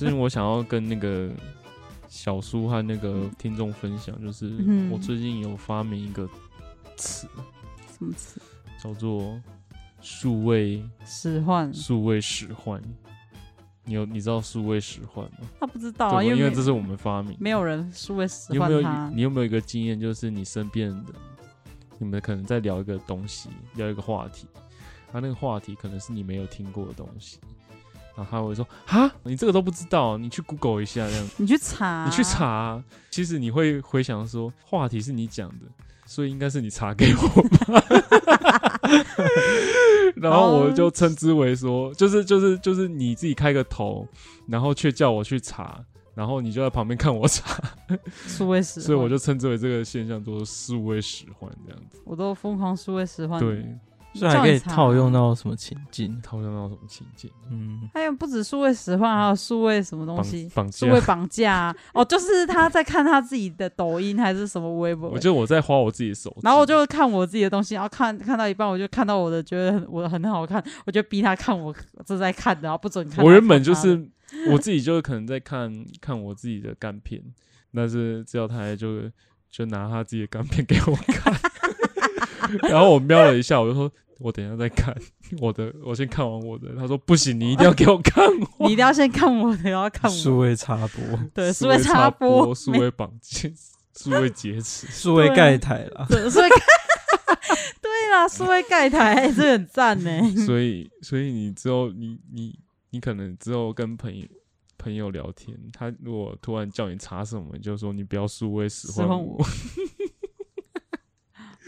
最近我想要跟那個小蘇和那個聽眾分享，就是我最近有發明一個詞，什麼詞？叫做數位使喚。數位使喚，你有你知道數位使喚嗎？他不知道、啊對，因為這是我們發明，沒有人數位使喚他你有沒有。你有沒有一個經驗，就是你身邊的你們可能在聊一個東西，聊一個話題，他、啊、那個話題可能是你沒有聽過的東西。他 會說：“哈，你這個都不知道，你去 Google 一下，這樣。”你去查，啊，你去查，啊。其實你會回想說，話題是你講的，所以應該是你查給我吧。 然後我就稱之為說，就是就是就是你自己開個頭，然後卻叫我去查，然後你就在旁邊看我查。數 位使喚，所以我就稱之為這個現象叫做數位使喚，這樣子。我都瘋狂數位使喚你。對。這還可以套用到什麼情景，嗯？套用到什麼情景？嗯，還、嗯、有、哎、不止數位使喚，還有數位什麼東西？數位綁架？架 哦，就是他在看他自己的抖音還是什麼微博？我覺得我在滑我自己的手，然後我就看我自己的東西，然後看看到一半，我就看到我的覺得很我的很好看，我就逼他看我正在看的，然後不准看，他看他。我原本就是 我自己，就可能在看看我自己的干片，但是只要他還就，就就拿他自己的干片給我看。 然後我瞄了一下，我就說，我等一下再看我的，我先看完我的。他說不行，你一定要給我看我，啊。你一定要先看我的，然後看我。數位插播，對，數位插播，數位綁架，數位劫持，數位蓋台了。 對啦，數位蓋台是，欸，很讚呢。所以，所以你之後，你你你可能之後跟朋友朋友聊天，他如果突然叫你查什麼，你就說你不要數位使喚我。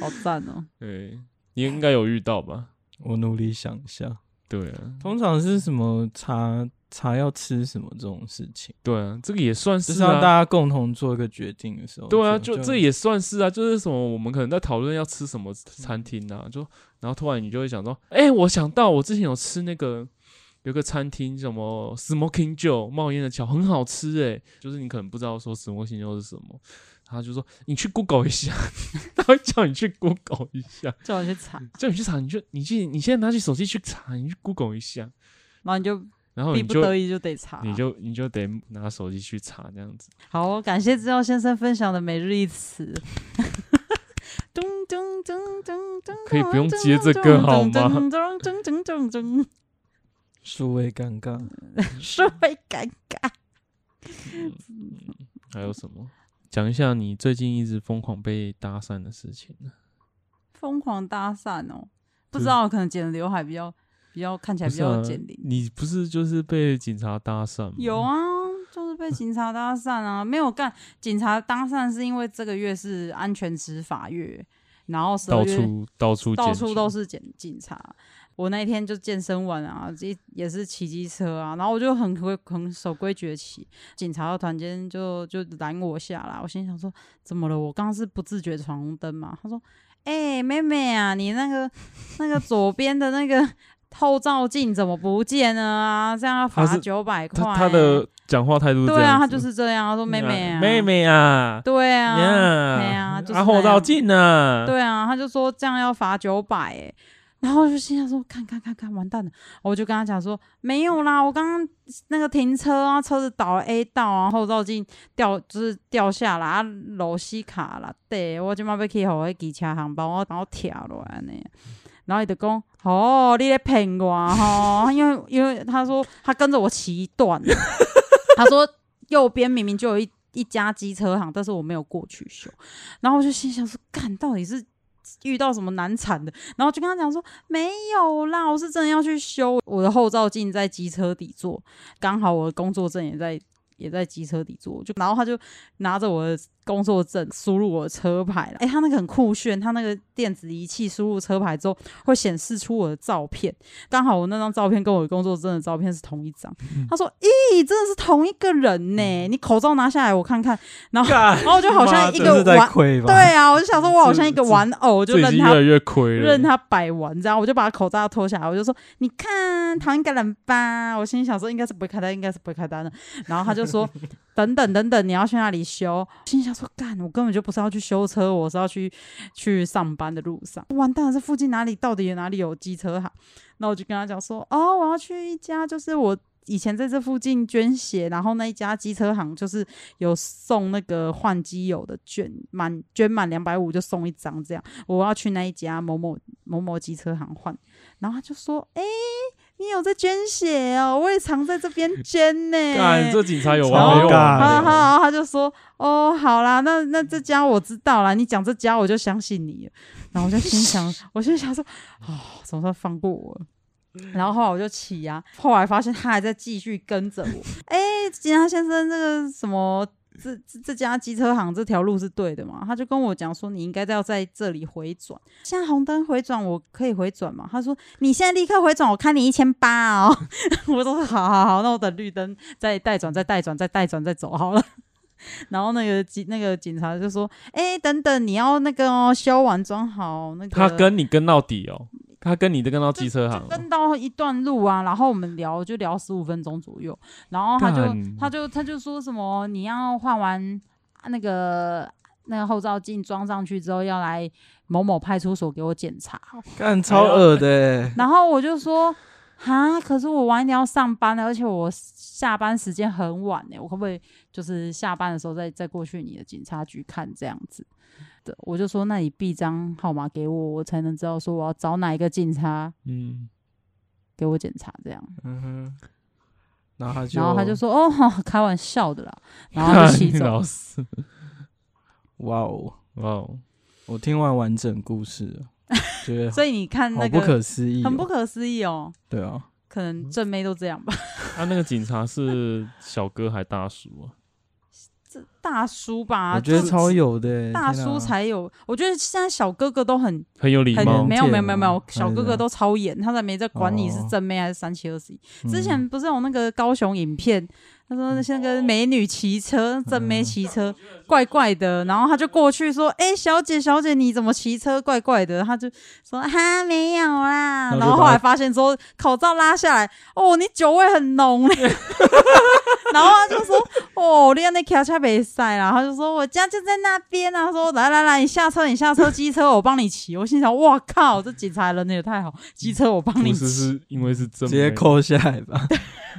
好讚哦、喔！對，你應該有遇到吧？我努力想象。對啊，通常是什麼茶茶要吃什麼這種事情？對啊，這個也算是讓、啊、大家共同做一個決定的時候。對啊，就，就，就這也算是啊，就是什麼我們可能在討論要吃什麼餐廳啊，嗯、就然後突然你就會想說，哎、欸，我想到我之前有吃那個有個餐廳，什麼 Smoking Joe，冒煙的 Joe 很好吃哎、欸，就是你可能不知道說 Smoking Joe 是什麼。他就說：“你去 Google 一下，呵呵他會叫你去 Google 一下， 叫你去查，叫你去查，你就你去，你現在拿起手機去查，你去 Google 一下，然後你就然後逼不得已就得查，你就你就,你就得拿手機去查，這樣子。”好，感謝資料先生分享的每日一詞。哈哈哈哈哈，可以不用接這個好嗎？哈哈哈哈哈，數位尷尬，數位尷尬，還有什麼？講一下你最近一直瘋狂被搭訕的事情。瘋狂搭訕哦，不知道是不是、啊、可能剪的劉海比較比較看起來比較減齡。你不是就是被警察搭訕嗎？有啊，就是被警察搭訕啊。 沒有幹，警察搭訕是因為這個月是安全執法月，然後是到處到處到處都是警警察。我那一天就健身完啊，這也是騎機車啊，然後我就很會很守規矩的騎。警察突然間就就攔我下來，啊，我心想說怎麼了？我剛剛是不自覺闖紅燈嘛？他說：“哎，欸，妹妹啊，你那個那個左邊的那個後照鏡怎麼不見了啊？這樣要罰九百塊。”他的講話態度是這樣。對啊，他就是這樣。他說：“妹妹啊，妹妹啊，對啊，妹妹啊，對啊，他後照鏡呢？對啊，他就說這樣要罰九百。”哎。然後我就心想說：“看看看看，完蛋了！”我就跟他講說：“沒有啦，我剛剛那個停車啊，車子倒了 A 道啊，後照鏡掉就是掉下來，螺、啊、絲卡了。對，我今嘛要去後機車行幫我，把我跳了來呢、嗯。然後他就講：‘哦，你在騙我哈、啊？’因為因為他說他跟着我騎一段了， 他說右邊明明就有一一家機車行，但是我沒有過去修。然後我就心想說：‘幹，到底是？’”遇到什麼難產的。然後就跟他講說，沒有啦，我是真的要去修我的後照鏡，在機車底座，剛好我的工作證也在也在機車底座，就然後他就拿着我的。工作證輸入我的車牌了，欸，他那個很酷炫，他那個電子儀器輸入車牌之後會顯示出我的照片，剛好我那張照片跟我的工作證的照片是同一張，嗯。他說：“咦、欸，真的是同一個人呢，欸，嗯？你口罩拿下來我看看。然”然後，然後我就好像一個玩，對啊，我就想說，我好像一個玩偶，就任他越任他擺玩，這樣我就把他口罩脫下來，我就說：“你看，同一個人吧？”我心裡想說應該，應該是不會開單，應該是不會開單的。然後他就說。 等等等等，你要去哪裡修？心想說幹，我根本就不是要去修車，我是要去去上班的路上。完蛋了，這附近哪裡到底有哪裡有機車行？那我就跟他講說，哦，我要去一家，就是我以前在這附近捐血，然後那一家機車行就是有送那個換機油的券，滿捐滿兩百五就送一張這樣。我要去那一家某某某某機車行換。然後他就說，哎、欸。.你有在捐血哦，我也常在這邊捐呢。這警察有完沒完？然後，好好好，然後他就說：“哦，好啦，那那這家我知道啦，你講這家我就相信你。”然後我就心想， 我心想說：“啊、哦，總算放過我。”然後後來我就起呀、啊，後來發現他還在繼續跟着我。哎， 警察先生，那個什麼？這這家機車行，這條路是對的嘛？他就跟我講說，你應該要在這裡回轉。現在紅燈回轉，我可以回轉嘛？他說，你現在立刻回轉，我開你一千八哦。 我都說，好好好，那我等綠燈再帶轉，再帶轉，再帶轉，再，帶轉再走好了。 然後那個那個警察就說，哎，等等，你要那個哦，修完裝好那個。他跟你跟到底哦。他跟你的跟到機車行，跟到一段路啊，然後我們聊就聊十五分鐘左右，然後他就他就他就說什麼你要換完那個那個後照鏡裝上去之後要來某某派出所給我檢查，幹超惡的。然後我就說哈，可是我晚一點要上班了，而且我下班時間很晚哎，我可不可以就是下班的時候再再過去你的警察局看這樣子？我就說，那你臂章號碼給我，我才能知道說我要找哪一個警察，嗯，給我檢查這樣。嗯哼，然後他就，然後他就說，哦，開玩笑的啦。然後他就洗澡。哇哦哇哦！Wow, wow, 我聽完完整故事， 所以你看那個不可思議，哦，很不可思議哦。對啊，可能正妹都這樣吧。 他那個警察是小哥還大叔啊？大叔吧，我覺得超有的，欸，大叔才有、啊。我覺得現在小哥哥都很很有禮貌，沒有沒有沒有沒有，小哥哥都超嚴，他在沒在管你是正妹還是三七二十一。之前不是有那個高雄影片？嗯嗯他說像個美女騎車，正妹騎車、嗯，怪怪的。然後他就過去說：“誒、欸，小姐，小姐，你怎麼騎車？怪怪的。”他就說：“哈，沒有啦。然”然後後來發現說口罩拉下來，哦、喔，你酒味很濃嘞。 然後他就說：“哦、喔，你今天那卡恰被曬了。”他就說：“我家就在那邊啊。”他說：“來來來，你下車，你下車，機 車我幫你騎。”我心想：“哇靠，這警察人也太好，機車我幫你騎。”是因為是真直接扣下來吧？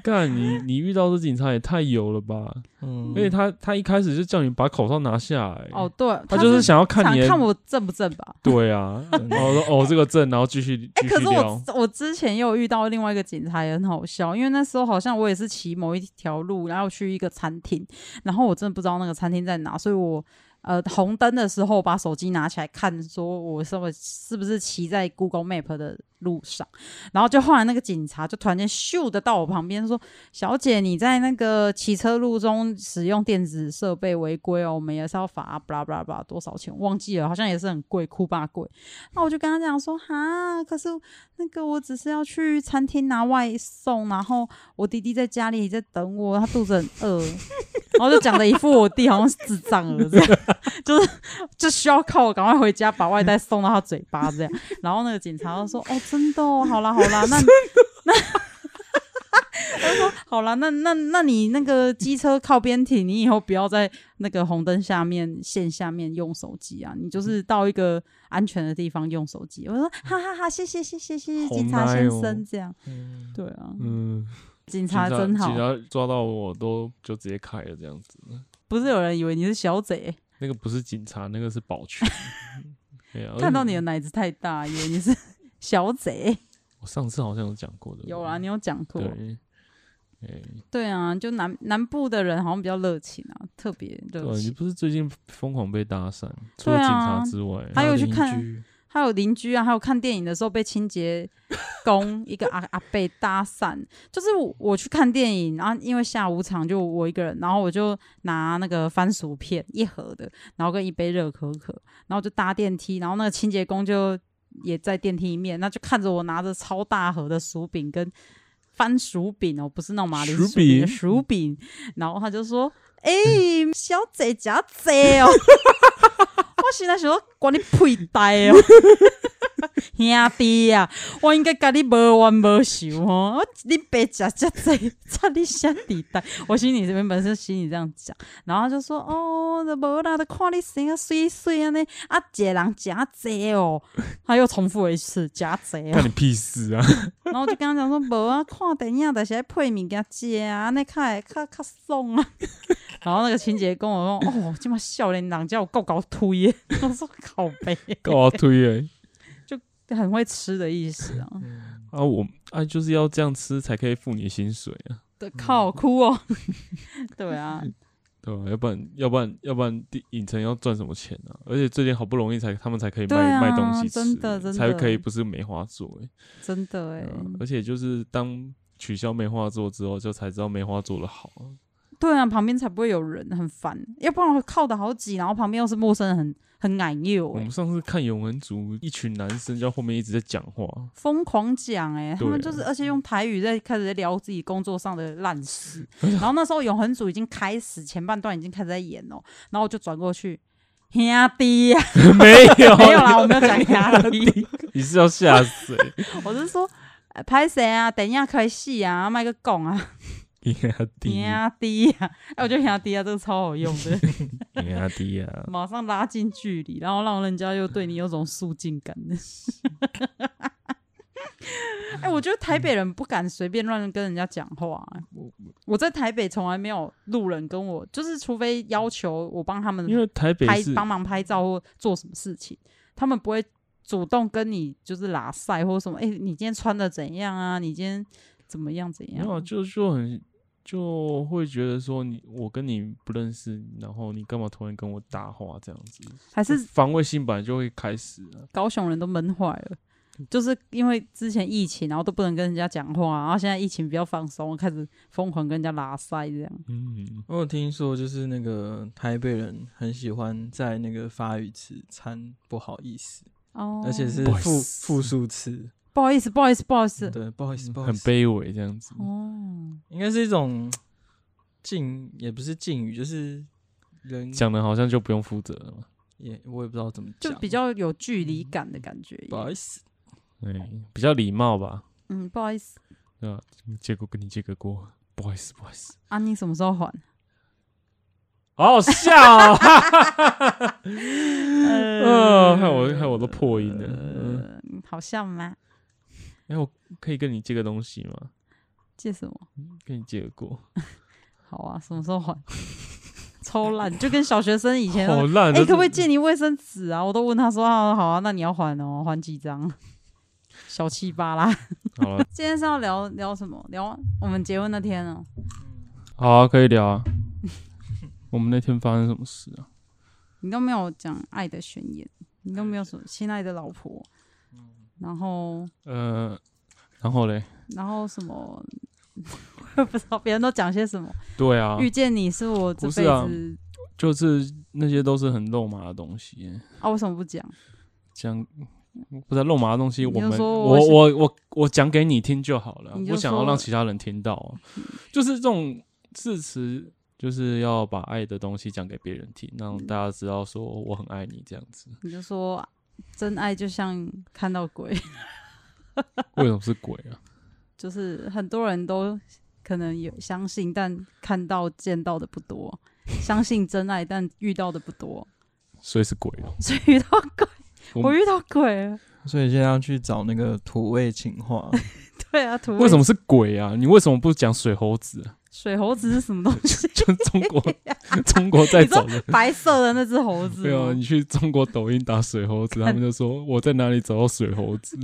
幹 你，你遇到這警察也。太油了吧，嗯，因為他他一開始就叫你把口罩拿下來，哦，對、啊，他就是想要看你，看我正不正吧，對啊， 然後說哦這個正，然後繼續，哎、欸，可是我我之前又遇到另外一個警察也很好笑，因為那時候好像我也是騎某一條路，然後去一個餐廳，然後我真的不知道那個餐廳在哪，所以我呃紅燈的時候把手機拿起來看，說我是不是是不是騎在 Google Map 的路上，然後就後來那個警察就突然間咻的到我旁邊，說：“小姐，你在那個騎車路中使用電子設備違規哦，我們也是要罰，blah blah blah，多少錢？忘記了，好像也是很貴，哭吧貴。”那我就跟他講說：“哈、啊，可是那個我只是要去餐廳拿外送，然後我弟弟在家裡在等我，他肚子很餓。 ”然後就講的一副我弟好像是智障了， 就是就需要靠我趕快回家把外帶送到他嘴巴這樣。然後那個警察就說：“哦。”真逗、哦，好啦好啦，那那 我就說好啦，那那那你那個機車靠邊停，你以後不要在那個紅燈下面線下面用手機啊，你就是到一個安全的地方用手機。我說哈，哈哈哈，謝謝謝謝謝謝警察先生，這樣，嗯，對啊，嗯，警察真好，警察，警察抓到我都就直接開了這樣子。不是有人以為你是小賊、欸？那個不是警察，那個是保全。 看到你的奶子太大以為你是。 小賊，我上次好像有講過的。有啊，你有講過。對、欸，對啊，就南南部的人好像比較熱情啊，特別熱情對、啊。你不是最近瘋狂被搭訕、啊？除了警察之外，還有鄰居，還有鄰居啊，還有看電影的時候被清潔工 一個阿阿伯搭訕。就是我，我去看電影，然後因為下午場就我一個人，然後我就拿那個番薯片一盒的，然後跟一杯熱可可，然後就搭電梯，然後那個清潔工就。也在電梯裡面，那就看着我拿着超大盒的薯餅跟番薯餅哦，不是那種馬鈴薯餅，薯餅，然後他就說：“哎、欸嗯，小賊加賊哦。 ” 現在想我管你屁代哦，兄弟啊，我應該甲你無冤無仇哦，你白吃白醉在你鄉里呆。我心裡原本是心裡這樣講，然後就說哦，無啦，看你生啊水水啊呢，一個人加濟哦。他又重複了一次加濟，關你屁事啊。然後我就跟他講說，無啊，看電影，但是配物件濟啊，那卡會卡卡爽啊。然後那個清潔工跟我說， 哦，這麼笑臉黨叫我夠搞推耶，我說靠背，夠搞推耶，就很會吃的意思啊。 啊我啊就是要這樣吃才可以付你薪水啊。對，靠哭哦， 對啊，對吧？要不然要不然要不然影城要賺什麼錢啊？而且最近好不容易才他們才可以賣、啊、賣東西吃，真的，真的，才可以不是梅花座，欸、真的哎、欸啊。而且就是當取消梅花座之後，就才知道梅花座的好、啊。對啊，旁邊才不會有人很煩，要不然靠得好擠，然後旁邊又是陌生人，很很礙眼、欸。我們上次看《永恆族》，一群男生在後面一直在講話，瘋狂講哎、欸，他們就是，而且用台語在開始在聊自己工作上的爛事。然後那時候《永恆族》已經開始前半段已經開始在演了，然後我就轉過去，兄弟， 沒有 沒有啦，我沒有講兄弟，你是要嚇死、欸？ 是嚇死欸、 我是說拍誰、呃、啊？等一下開戲啊，麥擱講啊！低壓低啊。哎，我覺得低壓低啊，這個超好用的。低壓低呀，馬上拉近距離，然後讓人家又對你有種肅靜感哎，欸、我覺得台北人不敢隨便亂跟人家講話、欸。我我在台北從來沒有路人跟我，就是除非要求我幫他們拍，因為台北幫忙拍照或做什麼事情，他們不會主動跟你就是拉晒或什麼。哎、欸，你今天穿的怎樣啊？你今天怎麼樣？怎樣？沒有，就說很。就會覺得說你我跟你不認識，然後你干嘛突然跟我搭話這樣子？還是防衛心本來就會開始啊！高雄人都悶壞了， 就是因為之前疫情，然後都不能跟人家講話，然後現在疫情比較放鬆，開始瘋狂跟人家拉塞這樣。嗯，嗯，嗯，我有聽說，就是那個台北人很喜歡在那個發語詞，餐不好意思，哦、oh,，而且是複複數詞。Boys 不好意思，不好意思，不好意思。對，不好意思、嗯，不好意思。很卑微這樣子。哦，應該是一種敬，也不是敬語，就是人講的好像就不用負責了嘛。也，我也不知道怎麼講，就比較有距離感的感覺、嗯。不好意思，哎、欸，比較禮貌吧。嗯，不好意思。啊，借過跟你借個過。不好意思，不好意思。啊，你什麼時候還？好好笑、哦。嗯、 呃，害我，害、呃我，呃、我都破音了。了、呃。嗯，好笑嗎？哎、欸，我可以跟你借個東西嗎？借什麼？嗯、跟你借個過。 好啊，什麼時候還？ 超爛，就跟小學生以前。好爛。哎、欸，可不可以借你衛生紙啊？ 我都問他說、啊：“好啊，那你要還哦、喔，還幾張？”小氣巴拉， 好啦 今天是要聊聊什麼？聊我們結婚那天哦、喔。好、啊，可以聊啊。 我們那天發生什麼事啊？ 你都沒有講愛的宣言，你都沒有說“親愛的老婆”。然後，呃，然後嘞，然後什麼，我 也不知道，別人都講些什麼。對啊，遇見你是我這輩子，是啊，就是那些都是很肉麻的東西啊。為什麼不講？講，不是肉，啊，麻的東西我我，我們我我我我講給你聽就好了就。不想要讓其他人聽到，嗯，就是這種字詞，就是要把愛的東西講給別人聽，讓大家知道說我很愛你這樣子。你就說。真愛就像看到鬼，為什麼是鬼啊？ 就是很多人都可能有相信，但看到見到的不多。相信真愛，但遇到的不多， 所以是鬼哦。所以遇到鬼，我，我遇到鬼，所以現在要去找那個土味情話。 對啊，土味情話。為什麼是鬼啊？你為什麼不講水猴子啊？水猴子是什麼東西？ 就中國，中國在找的白色的那隻猴子。 沒有，你去中國抖音打水猴子，他們就說我在哪裡找到水猴子。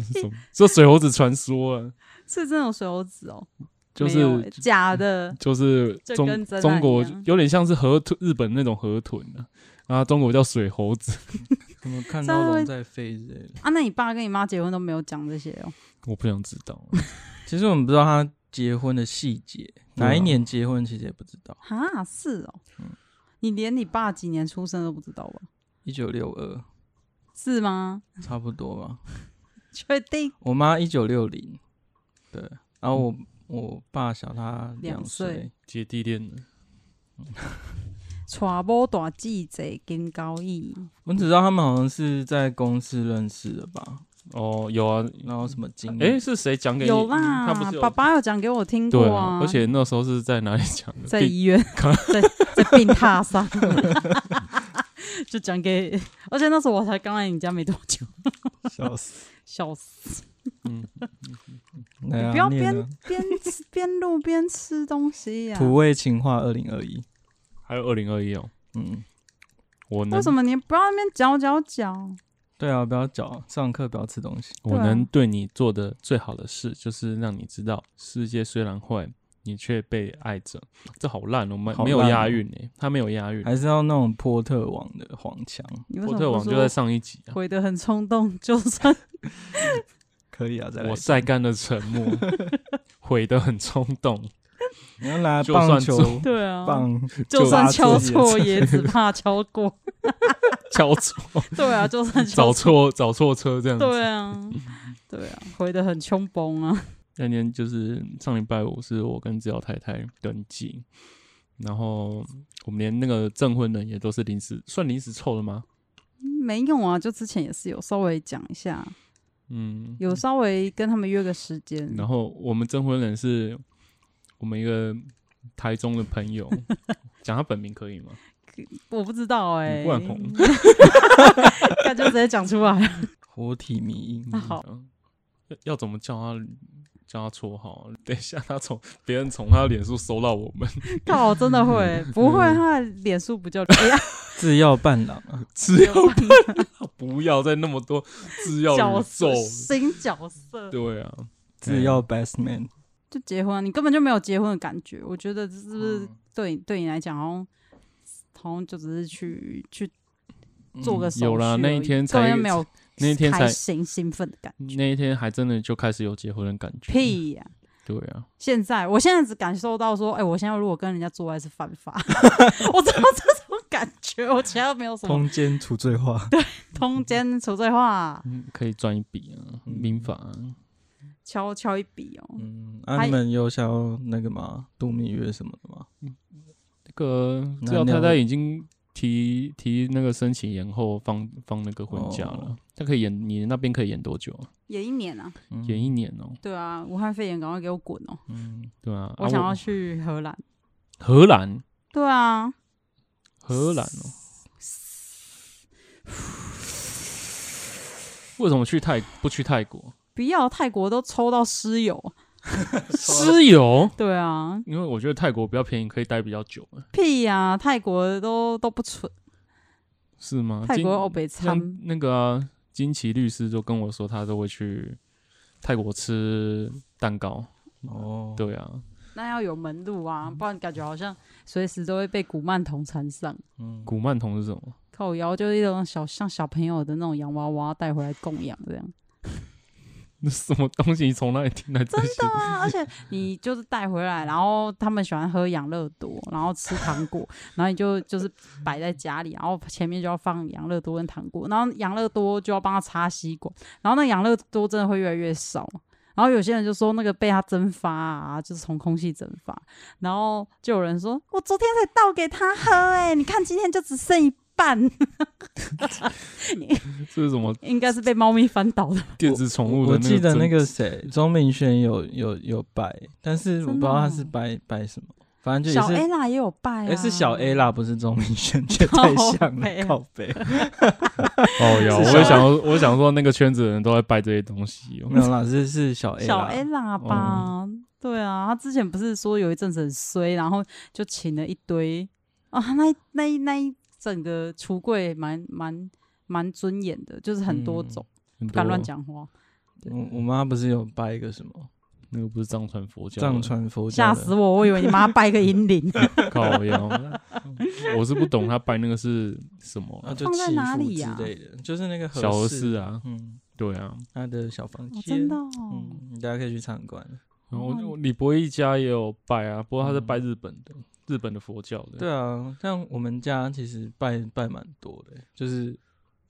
這 水猴子傳說啊？是真的有水猴子哦？就是、欸、就假的。就是中就中國有點像是河豚，日本那種河豚啊，啊，中國叫水猴子。 他們看到龍在飛之類的啊？那你爸跟你媽結婚都沒有講這些哦？我不想知道。 其實我們不知道他結婚的細節。哪一年結婚？其實也不知道。哈、啊，是哦、喔嗯。你連你爸幾年出生都不知道吧？一九六二，是嗎？差不多吧。確定。我媽一九六零，對。然後我、嗯、我爸小他兩歲，姐弟戀的。傳播 大記者金高義，我只知道他們好像是在公司認識的吧。哦，有啊，那有什麼經？哎、欸，是誰講給你？有啦、啊，爸爸有講給我聽過啊，對啊。而且那時候是在哪裡講的？在醫院，可 能在在病榻上， 就講給。而且那時候我才剛來你家沒多久，笑，笑死，， 笑死。嗯，你不要邊邊邊錄邊吃東西呀、啊。土味情話二零二一，還有二零二一哦。嗯，我為什麼你不要那邊嚼嚼嚼？對啊，不要嚼，上課不要吃東西。我能對你做的最好的事、啊，就是讓你知道，世界雖然壞，你卻被愛着。這好爛哦，沒、哦、沒有押韻哎，他沒有押韻，還是要那種波特王的黃腔。波特王就在上一集、啊，毀得很衝動，就算 可以啊，再來。我曬乾了沉默， 毀得很衝動。拿棒球，棒對啊，棒，就算敲錯也只怕敲過， 敲錯錯， 對啊，就算敲找錯 找錯車這樣子，對啊，對啊，回的很凶崩啊 。那天就是上禮拜五，是我跟志堯太太登記，然後我們連那個證婚人也都是臨時，算臨時湊的嗎？嗯、沒有啊，就之前也是有稍微講一下，嗯，有稍微跟他們約個時間、嗯，然後我們證婚人是。我們一個台中的朋友，講 他本名可以嗎？我不知道哎、欸，萬、嗯、紅，那 就直接講出來。活體迷因、啊，好、啊，要怎麼叫他？叫他綽號、啊？等一下他從，別從他從別人從他的臉書搜到我們， 靠，我真的會 不會？他的臉書不就？只、欸、要、啊，只 要伴郎，只 要伴郎， 不要再那麼多自，只要角色，新角色，對啊，只、okay. 要 best man、嗯。就結婚、啊，你根本就沒有結婚的感覺。我覺得這是不是對、嗯、對你來講，好像好像就只是去去做個什麼、嗯、有啦。那一天才沒那一天才興興奮的感覺。那一天還真的就開始有結婚的感覺。屁呀、啊！對啊。現在，我現在只感受到說，哎、欸，我現在如果跟人家做愛是犯法。 我知道這種感覺，我其他都沒有什麼通奸除罪化。對，通奸除罪化，嗯，可以賺一筆啊，民法、啊。敲敲一筆哦。嗯，他們有敲那個嘛，度蜜月什麼的嘛。嗯，那個，那他他已經提提那個申請延後放放那個婚假了。他、哦、可以延，你那邊可以延多久、啊？延一年啊？延、嗯、一年哦。對啊，武漢肺炎，趕快給我滾哦。嗯，對啊。我想要去荷蘭、啊。荷蘭。對啊。荷蘭哦。 為什麼去泰不去泰國？不要泰國都抽到私有。 私有 對啊，因為我覺得泰國比較便宜，可以待比較久。屁呀，啊，泰國都都不蠢，是嗎？泰國歐北參那個、啊，金奇律師就跟我說，他都會去泰國吃蛋糕。哦、嗯，對啊，那要有門路啊，不然感覺好像隨時都會被古曼童纏上。嗯，古曼童是什麼？靠腰就是一種小像小朋友的那種洋娃娃，帶回來供養這樣。 那什麼東西？你從哪裡聽來？真的啊！而且你就是帶回來，然後他們喜歡喝養樂多，然後吃糖果， 然後你就就是擺在家裡，然後前面就要放養樂多跟糖果，然後養樂多就要幫他插吸管，然後那養樂多真的會越來越少，然後有些人就說那個被他蒸發啊，就是從空氣蒸發，然後就有人說 我昨天才倒給他喝、欸，誒，你看今天就只剩一杯。拜， 這是什麼？應該是被貓咪翻倒的電子寵物。我記得那個誰，鍾明軒有有有拜，但是我不知道他是拜、哦，拜什麼，反正就是小 Ella 也有拜，啊，哎、欸、是小 Ella，不是鍾明軒，太像了，哦，靠北。 哦喲，我也想，我也想說那個圈子的人都在拜這些東西。哪是是小 Ella？小 Ella 吧，哦？對啊，他之前不是說有一陣子很衰，然後就請了一堆啊，哦，那那那。那整個櫥櫃蠻蠻蠻尊嚴的，就是很多種，嗯、多不敢亂講話。嗯、我我媽不是有拜一個什麼，那個不是藏傳佛教？藏傳佛教。嚇死我！我以為你媽拜一個陰靈。 靠、嗯、 我是不懂她拜那個是什麼，放在哪裡呀？之類的，就是那個和小佛寺啊。嗯，對啊，她的小房間、哦，真的、哦，嗯，大家可以去參觀。然、嗯、後李博一家也有拜啊、嗯，不過他是拜日本的。日本的佛教的，對啊，像我們家其實拜拜蠻多的，就是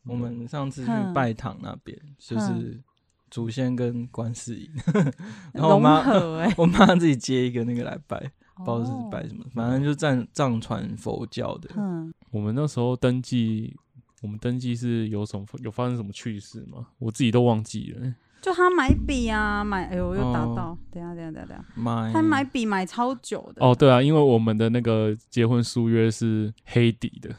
我們上次去拜堂那邊，嗯、就是祖先跟觀世音，嗯、 然後我媽，欸、 我媽自己接一個那個來拜，不知道是拜什麼，反、哦、正就藏藏傳佛教的。嗯，我們那時候登記，我們登記是有什麼有發生什麼趣事嗎？我自己都忘記了。就他買筆啊，買哎呦，又打到，oh, 等下等下等下等下，等下等下 My... 他買筆買超久的哦，oh, 對啊，因為我們的那個結婚書約是黑底的，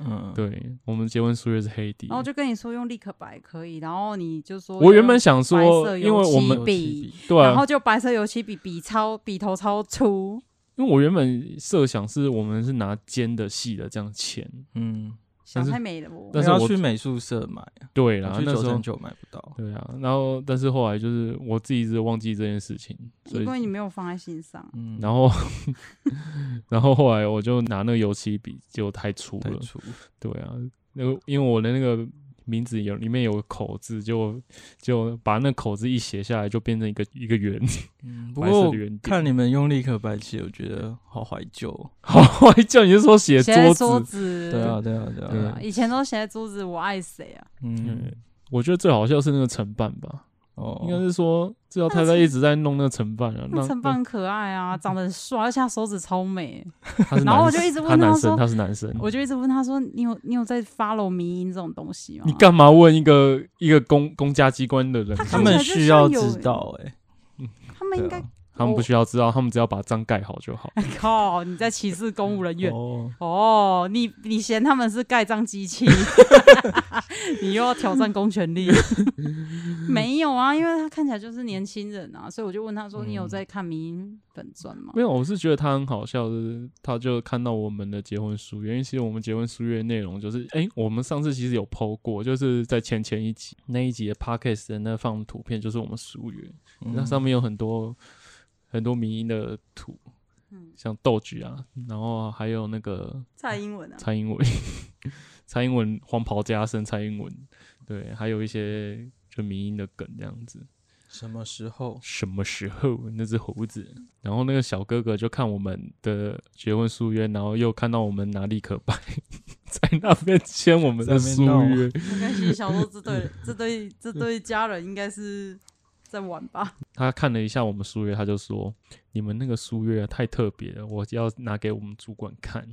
嗯，對，我們結婚書約是黑底，然後就跟你說用立可白可以，然後你就說白色油漆筆，我原本想說，因為我們筆，對啊，然後就白色油漆筆筆超筆頭超粗，因為我原本設想是我們是拿尖的細的這樣簽，嗯。想太美了，我但是但是，我要去美術社買。對，然後那時候就買不到。對啊，然後但是後來就是我自己一直忘記這件事情，所以，因為你沒有放在心上。嗯，然後， 然後後來我就拿那個油漆筆，就太粗了。粗，對啊，那個因為我的那個。嗯那個名字有裡面有個口字，就就把那口字一寫下來，就變成一個一個圓。嗯，不過看你們用立可白寫，我覺得好懷舊哦，好懷舊。你就說寫桌子？桌子對啊，對啊，對啊，對啊，對啊。以前都寫在桌子，我愛誰啊。嗯，嗯，我覺得最好笑是那個承辦吧。應該是說，至少他在一直在弄那個橙瓣啊。那橙瓣可愛啊，長得帥，而且他手指超美。 然後我就一直問他說， 他男生，他是男生。我就一直問他說：“你有你有在 follow 迷因這種東西嗎？”你干嘛問一個一個公公家機關的人？他們需要知道誒、欸。他們應該。他們不需要知道，oh, 他們只要把章蓋好就好。靠、oh,！你在歧視公務人員？哦、oh. oh,，你你嫌他們是蓋章機器？ 你又要挑戰公權力？ 沒有啊，因為他看起來就是年輕人啊，所以我就問他說：“嗯、你有在看迷因本傳嗎？”沒有，我是覺得他很好笑的，就是他就看到我們的結婚書院，因為其實我們結婚書院內容就是，哎、欸，我們上次其實有 po 過，就是在前前一集那一集的 podcast 的那放圖片，就是我們書院。嗯、那上面有很多。很多迷因的圖，像豆菊啊，然後還有那個蔡英文啊,啊，蔡英文，蔡英文黃袍加身，生蔡英文，對，還有一些就迷因的梗這樣子。什麼時候？什麼時候？那只猴子，然後那個小哥哥就看我們的結婚書約，然後又看到我們哪裡可拜，在那邊簽我們的書約。應該是，小鹿，這對這對這對家人應該是。在玩吧。他看了一下我們書頁，他就說：“你們那個書頁啊，太特別了，我要拿給我們主管看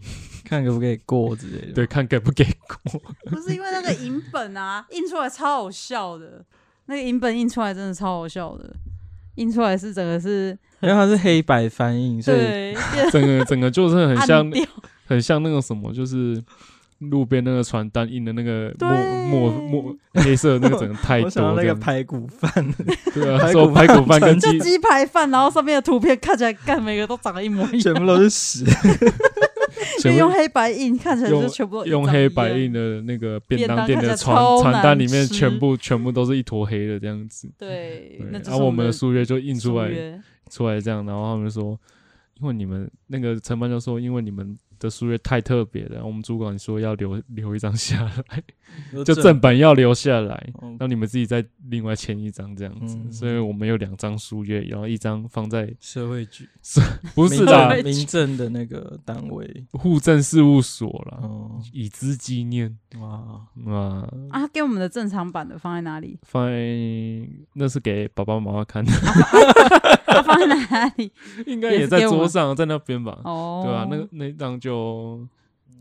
看，可不可以過之類的。”對，看給不給過。不是因為那個影本啊， 印出來超好笑的。那個影本印出來真的超好笑的，印出來是整個是，因為它是黑白翻印，所以整個 整個就是很像， 很像那個什麼，就是。路邊那個傳單印的那個墨墨墨,墨黑色的那個整個太多這樣。我想那個排骨飯、欸。 對啊，說排骨飯跟雞 排飯，然後上面的圖片看起來，幹每個都長得一模一樣。全部都是屎。 因為用黑白印，看起來就全部一一用黑白印的那個便當店的傳傳單裡面，全部全部都是一坨黑的這樣子。對。然後我,、啊、我們的數學就印出來出來這樣，然後他們就說，們那個、就說因為你們那個陳班就說，因為你們。這樹葉太特別了，我們主管說要留留一張下來。 正就正版要留下來，讓、okay. 你們自己再另外簽一張這樣子。嗯、所以我們有兩張書頁，然後一張放在社會局，是不是的民政的那個單位，戶政事務所啦。哦、以資紀念。哇啊啊！他給我們的正常版的放在哪裡？放在那是給爸爸媽媽看的。 放在哪裡？應該也在桌上，在那邊吧？哦，對吧、啊？那個那張就。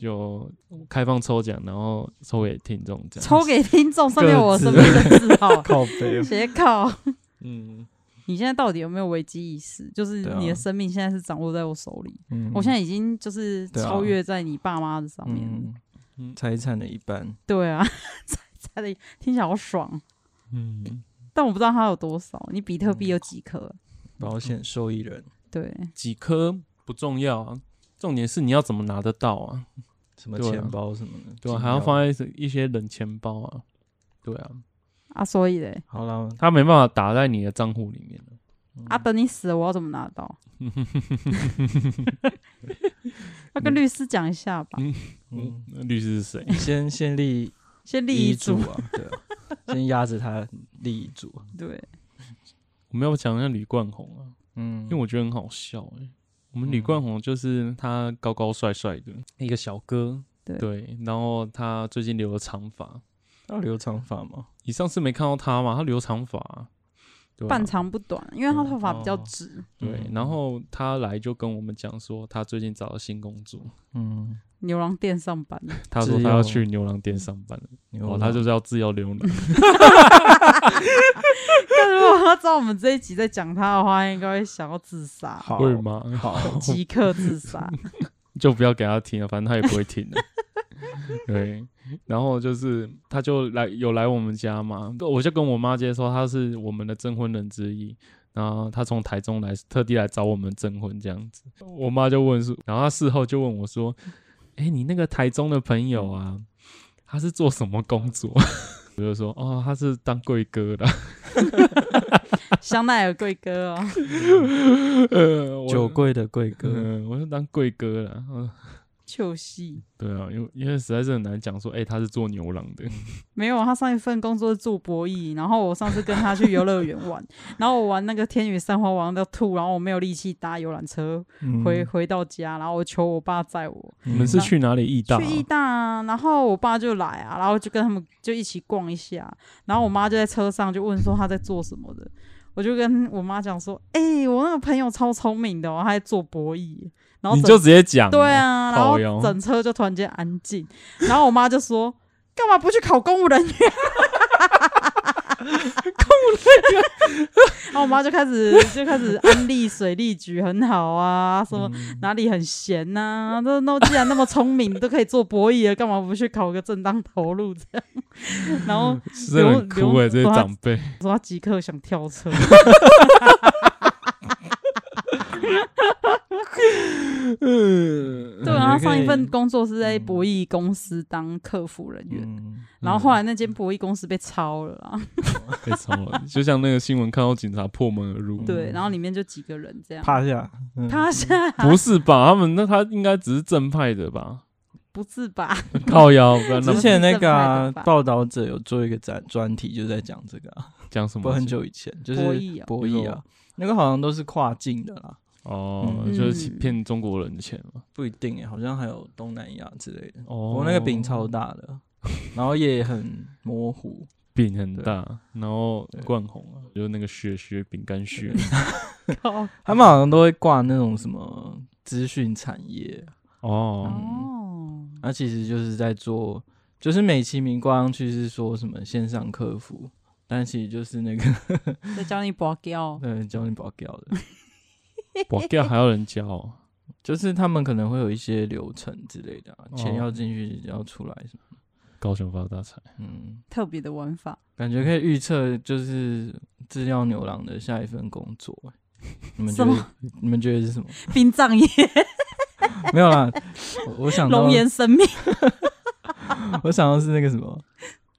就開放抽獎，然後抽給聽眾。抽給聽眾，上面我什麼稱號？ 靠靠。 嗯，你現在到底有沒有危機意識？就是你的生命現在是掌握在我手裡。啊、我現在已經就是超越在你爸媽的上面，財產、啊嗯、的一半。對啊，猜，猜的一半 聽起來好爽。嗯、欸，但我不知道他有多少。你比特幣有幾顆、嗯？保險受益人，嗯、對，幾顆不重要啊，重點是你要怎麼拿得到啊？什麼錢包什麼的，對、啊對啊，還要放在一些冷錢包啊，對啊，啊，所以嘞，好了，他沒辦法打在你的賬戶裡面啊，等你死了，我要怎麼拿到？要 跟律師講一下吧。嗯，那、嗯嗯、律師是誰？先先立，先立遺囑啊，啊，對啊， 先壓着他立遺囑。對，我沒要講一下呂冠宏啊，嗯，因為我覺得很好笑、欸我們呂冠宏就是他高高帥帥的、嗯、一個小哥對，對，然後他最近留了長髮，要留長髮嘛？你 上次沒看到他嘛？他留長髮、啊，半長不短，因為他頭髮比較直、嗯哦。對，然後他來就跟我們講說，他最近找了新工作，嗯。牛郎店上班，他說他要去牛郎店上班，哦，嗯、然後他就是要自由流浪。為、哦嗯 啊、如果他知道我們這一集在講他的話，應該會想要自殺，會嗎？好，即刻自殺， 就不要給他聽了，反正他也不會聽的。 對，然後就是他就來有來我們家嘛，我就跟我媽介紹，他是我們的徵婚人之一，然後他從台中來，特地來找我們徵婚這樣子。我媽就問，然後他事後就問我說。哎，你那個台中的朋友啊，他是做什麼工作？比 如說，哦，他是當櫃哥的。 香奈兒櫃哥哦，酒 櫃 的櫃哥，呃、我是、呃、當櫃哥的。呃戲對啊，因為因為實在是很難講說，哎、欸，他是做牛郎的。沒有，他上一份工作是做博弈。然後我上次跟他去遊樂園玩， 然後我玩那個《天宇三花王》的吐，然後我沒有力氣搭遊覽車、嗯、回回到家，然後我求我爸載我。你們是去哪裡、啊？義大去義大，然後我爸就來啊，然後就跟他們就一起逛一下。然後我媽就在車上就問說他在做什麼的， 我就跟我媽講說，哎、欸，我那個朋友超聰明的、哦，他在做博弈。然後你就直接講，對啊，然後整車就突然間安靜。然後我媽就說：“幹 嘛不去考公務人員？ 公務人員？” 然後我媽就開始就開始安利水利局很好啊，說哪裡很閒吶、啊？說那既然那麼聰明， 都可以做博弈了，幹嘛不去考個正當投入？這樣？然後留是真的很、欸、留說這些長輩，說他即刻想跳車。 嗯，對啊，然後上一份工作是在博弈公司當客服人員，嗯、然後後來那間博弈公司被抄了、嗯，嗯、 被抄了，就像那個新聞看到警察破門而入，對，然後裡面就幾個人這樣趴下，趴下，嗯趴下啊、不是吧？他們那他應該只是正派的吧？不是吧？ 靠腰， 之前那個、啊、報道者有做一個展專題，就在講這個、啊，講什麼？不很久以前，就是博弈啊，博弈啊，就是、那個好像都是跨境的啦。哦、oh, 嗯，就是騙中國人的錢嘛？不一定誒、欸，好像還有東南亞之類的。我、oh. 那個餅超大的，然後也很模糊。餅 很大，然後灌紅了、啊。就是那個雪雪餅乾雪。雪 他們好像都會掛那種什麼資訊產業哦，那、oh. 嗯啊、其實就是在做，就是美其名掛上去是說什麼線上客服，但其實就是那個 在教你博弈對，教你博弈的。 我釣還要人教、哦，就是他們可能會有一些流程之類的、啊，錢、哦、要進去，要出來什麼。高雄發大財，嗯，特別的玩法，感覺可以預測，就是制藥牛郎的下一份工作、欸。你們覺得什麼？你們覺得是什麼？殯葬業 沒有啦，我想龍岩生命， 我想到是那個什麼？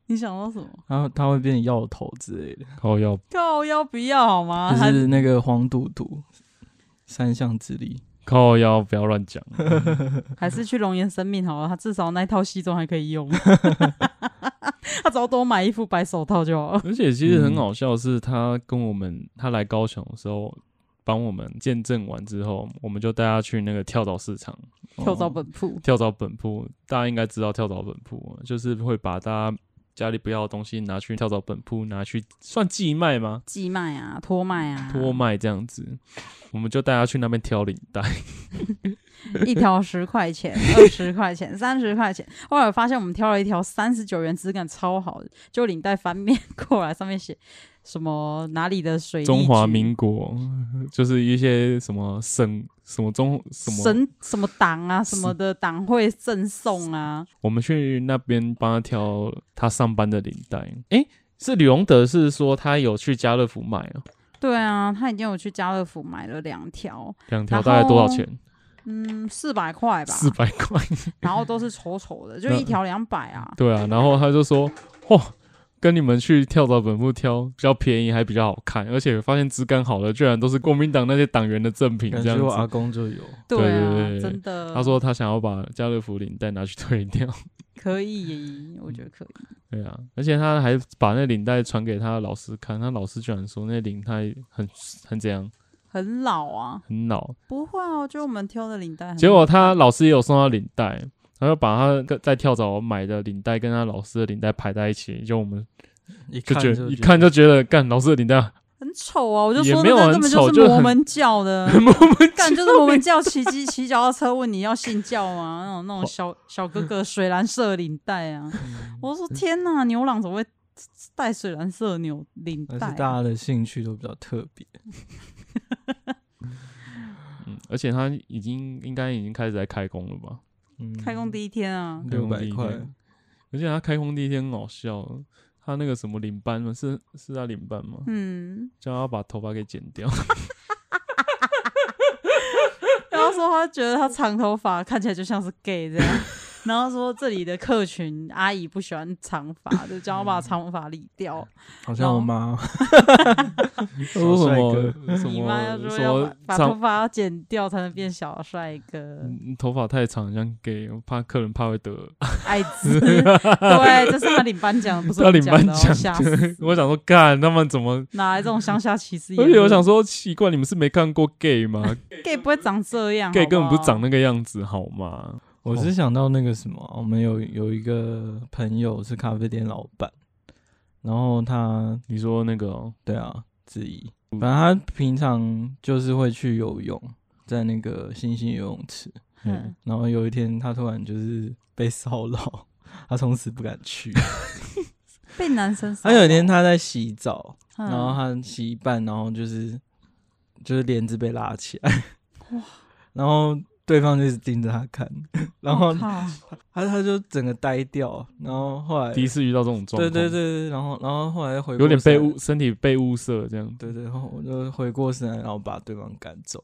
你想到什麼？他他會變藥頭之類的，靠藥靠藥不要好嗎？就是那個黃賭毒，毒？三項之力靠腰，不要亂講、 嗯？還是去龍岩生命好了，他至少那套西裝還可以用。 他只要多買一副白手套就好。而且其實很好笑的是、嗯，他跟我們他來高雄的時候，幫我們見證完之後，我們就帶他去那個跳蚤市場。跳蚤本鋪、哦，跳蚤本鋪，大家應該知道跳蚤本鋪，就是會把大家。家裡不要的東西拿去跳蚤本鋪，拿去算寄賣嗎？寄賣啊，托賣啊，托賣這樣子，我們就帶他去那邊挑領帶， 一條十塊錢、二十塊錢、三十塊錢。後來發現我們挑了一條三十九元，質感超好的，就領帶翻面過來，上面寫什麼哪裡的水？中華民國就是一些什麼省。什麼中什麼神什麼黨啊什麼的黨會贈送啊？我們去那邊幫他挑他上班的領帶。誒、欸、是李榮德，是說他有去家樂福買啊？對啊，他已經有去家樂福買了兩條。兩條大概多少錢？嗯，四百塊吧。四百塊。 然後都是醜醜的，就一條兩百啊。對啊，然後他就說，嚯、 哦！跟你們去跳蚤本部挑，比較便宜還比較好看，而且發現質感好的居然都是國民黨那些黨員的贈品，這樣子。我阿公就有，對啊對對對，真的。他說他想要把家樂福領帶拿去退掉，可以，我覺得可以、嗯。對啊，而且他還把那領帶傳給他的老師看，他老師居然說那領帶很很怎樣？很老啊。很老？不會哦，就我們挑的領帶。結果他老師也有送他領帶。嗯然後把他在跳蚤買的領帶跟他老師的領帶排在一起，就我們就覺得一看就覺得幹老師的領帶很醜啊！我就說沒有，那個，根本就是摩門教的，摩門干就是我們叫奇蹟騎腳踏車問你要信教嗎？那種那種小小哥哥水藍色領帶啊，嗯！我說天吶，啊，牛郎怎麼會戴水藍色紐領帶，啊？是大家的興趣都比較特別， 嗯，而且他已經應該已經開始在開工了吧？嗯、開工第一天啊！六百塊，開工第一天，我記得他開工第一天很好笑，他那個什麼領班嘛，是是他領班嗎？嗯，叫他把頭髮給剪掉，然 後 說他覺得他長頭髮看起來就像是 gay 這樣。 然後說這裡的客群 阿姨不喜歡長髮， 就叫我把長髮理掉、嗯。好像我媽，帥 帥哥， 什麼什麼你媽說要把，說要長把頭髮要剪掉才能變小帥哥。嗯、頭髮太長，像 gay，我怕客人怕會得艾滋。愛 對，這是那領班講 的，不是領班講 我想說，幹他們怎麼哪來這種鄉下歧視、就是？ 而且我想說，奇怪，你們是沒看過 gay 嗎 ？gay 不會長這樣 gay, 好好，gay 根本不是長那個樣子，好嗎？我是想到那個什麼，哦、我們有有一個朋友是咖啡店老板，然後他你說那個、哦、對啊，子怡，反正他平常就是會去游泳，在那個星星游泳池，嗯、然後有一天他突然就是被騷擾，他從此不敢去。 被男生騷擾。他有一天他在洗澡、嗯，然後他洗一半，然後就是就是簾子被拉起來，哇， 然後。對方就一直盯着他看，然後、oh, 他他就整個呆掉，然後後來第一次遇到這種狀況，對對對，然後然後後來回有點被物，身體被物色這樣，對對，然後我就回過神，然後把對方趕走。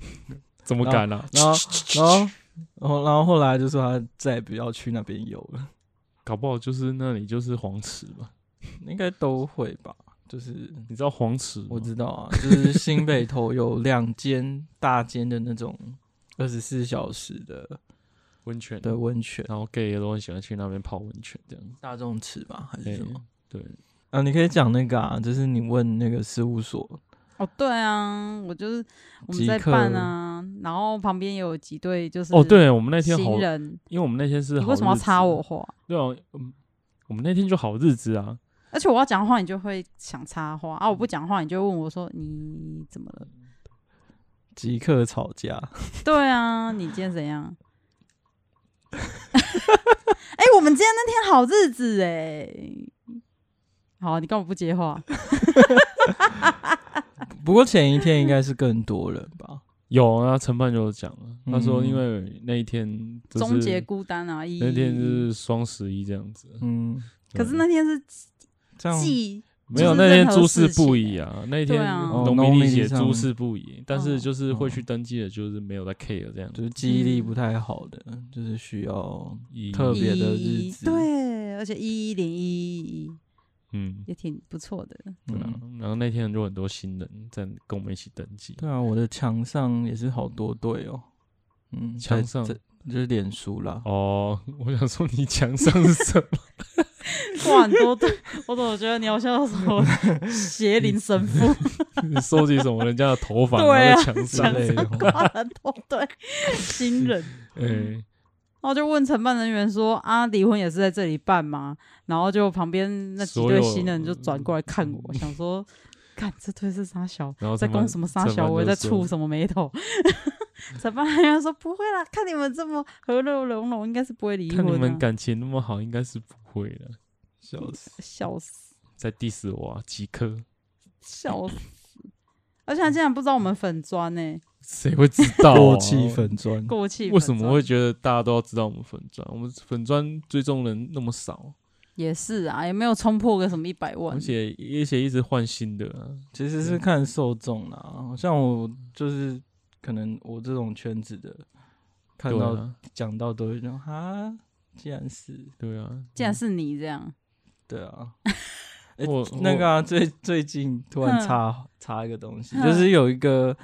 怎麼趕呢、啊？然後然後然後然後後來就說他再不要去那邊游了。搞不好就是那裡就是黃池吧，應該都會吧，就是你知道黃池？我知道啊，就是新北投有兩間 大間的那種。二十四小時的溫泉，對溫泉，然後 gay 也都很喜歡去那邊泡溫泉這樣。大眾池吧，還是什麼？欸、對，啊，你可以講那個啊，就是你問那個事務所。哦，對啊，我就是我們在辦啊，然後旁邊有幾對，就是哦，對，我們那天好人，因為我們那天是好日子，你為什麼要插我話？對哦、啊嗯，我們那天就好日子啊，而且我要講話，你就會想插話啊；我不講話，你就問我說你怎麼了？即刻吵架？對啊，你今天怎樣？哎、 欸，我們今天那天好日子哎！好、啊，你根本不接話。 不過前一天應該是更多人吧？有啊，陳半就講了、嗯，他說因為那一天終、就是、結孤單啊，那一天就是雙十一這樣子。嗯，可是那天是季。這樣沒有那天諸事不宜啊，那天農民曆也諸事不宜，啊就是欸啊，但是就是會去登記的，就是沒有在 care 這樣子。哦，就是記憶力不太好的，嗯、就是需要特別的日子，對，而且一一零一，嗯，也挺不錯的。啊。嗯，然後那天就有很多新人在跟我們一起登記。對啊，我的牆上也是好多對哦，嗯，牆上就是臉書了。哦，我想說你牆上是什麼？ 掛很多對，我總覺得你好像什麼邪靈神父， 你收集什麼人家的頭髮 對、啊、對，在牆上那掛很多對新人、欸，嗯，然後就問承辦人員說：“啊，離婚也是在這裡辦嗎？”然後就旁邊那幾對新人就轉過來看我，想說：“看這對是殺小？然後，在攻什麼殺小？我在觸什麼霉頭？” 承辦人員說：“不會啦，看你們這麼和樂融融，應該是不會離婚、啊。看你們感情那麼好，應該是不。”對了，笑死，嗯、笑死，在 diss 我、啊，幾顆，笑死，而且他竟然不知道我們粉專呢、欸，誰會知道、啊？過氣粉專， 過氣，為什麼會覺得大家都要知道我們粉專？我們粉專追蹤人那麼少，也是啊，也沒有衝破個什麼一百萬，而且，而且一直換新的、啊，其實是看受眾啦。像我就是可能我這種圈子的，看到講、啊、到都會講哈。竟然是對啊，竟、嗯、然是你這樣，對啊。 欸、我，我那個、啊、最最近突然查查 一個東西， 就是有一個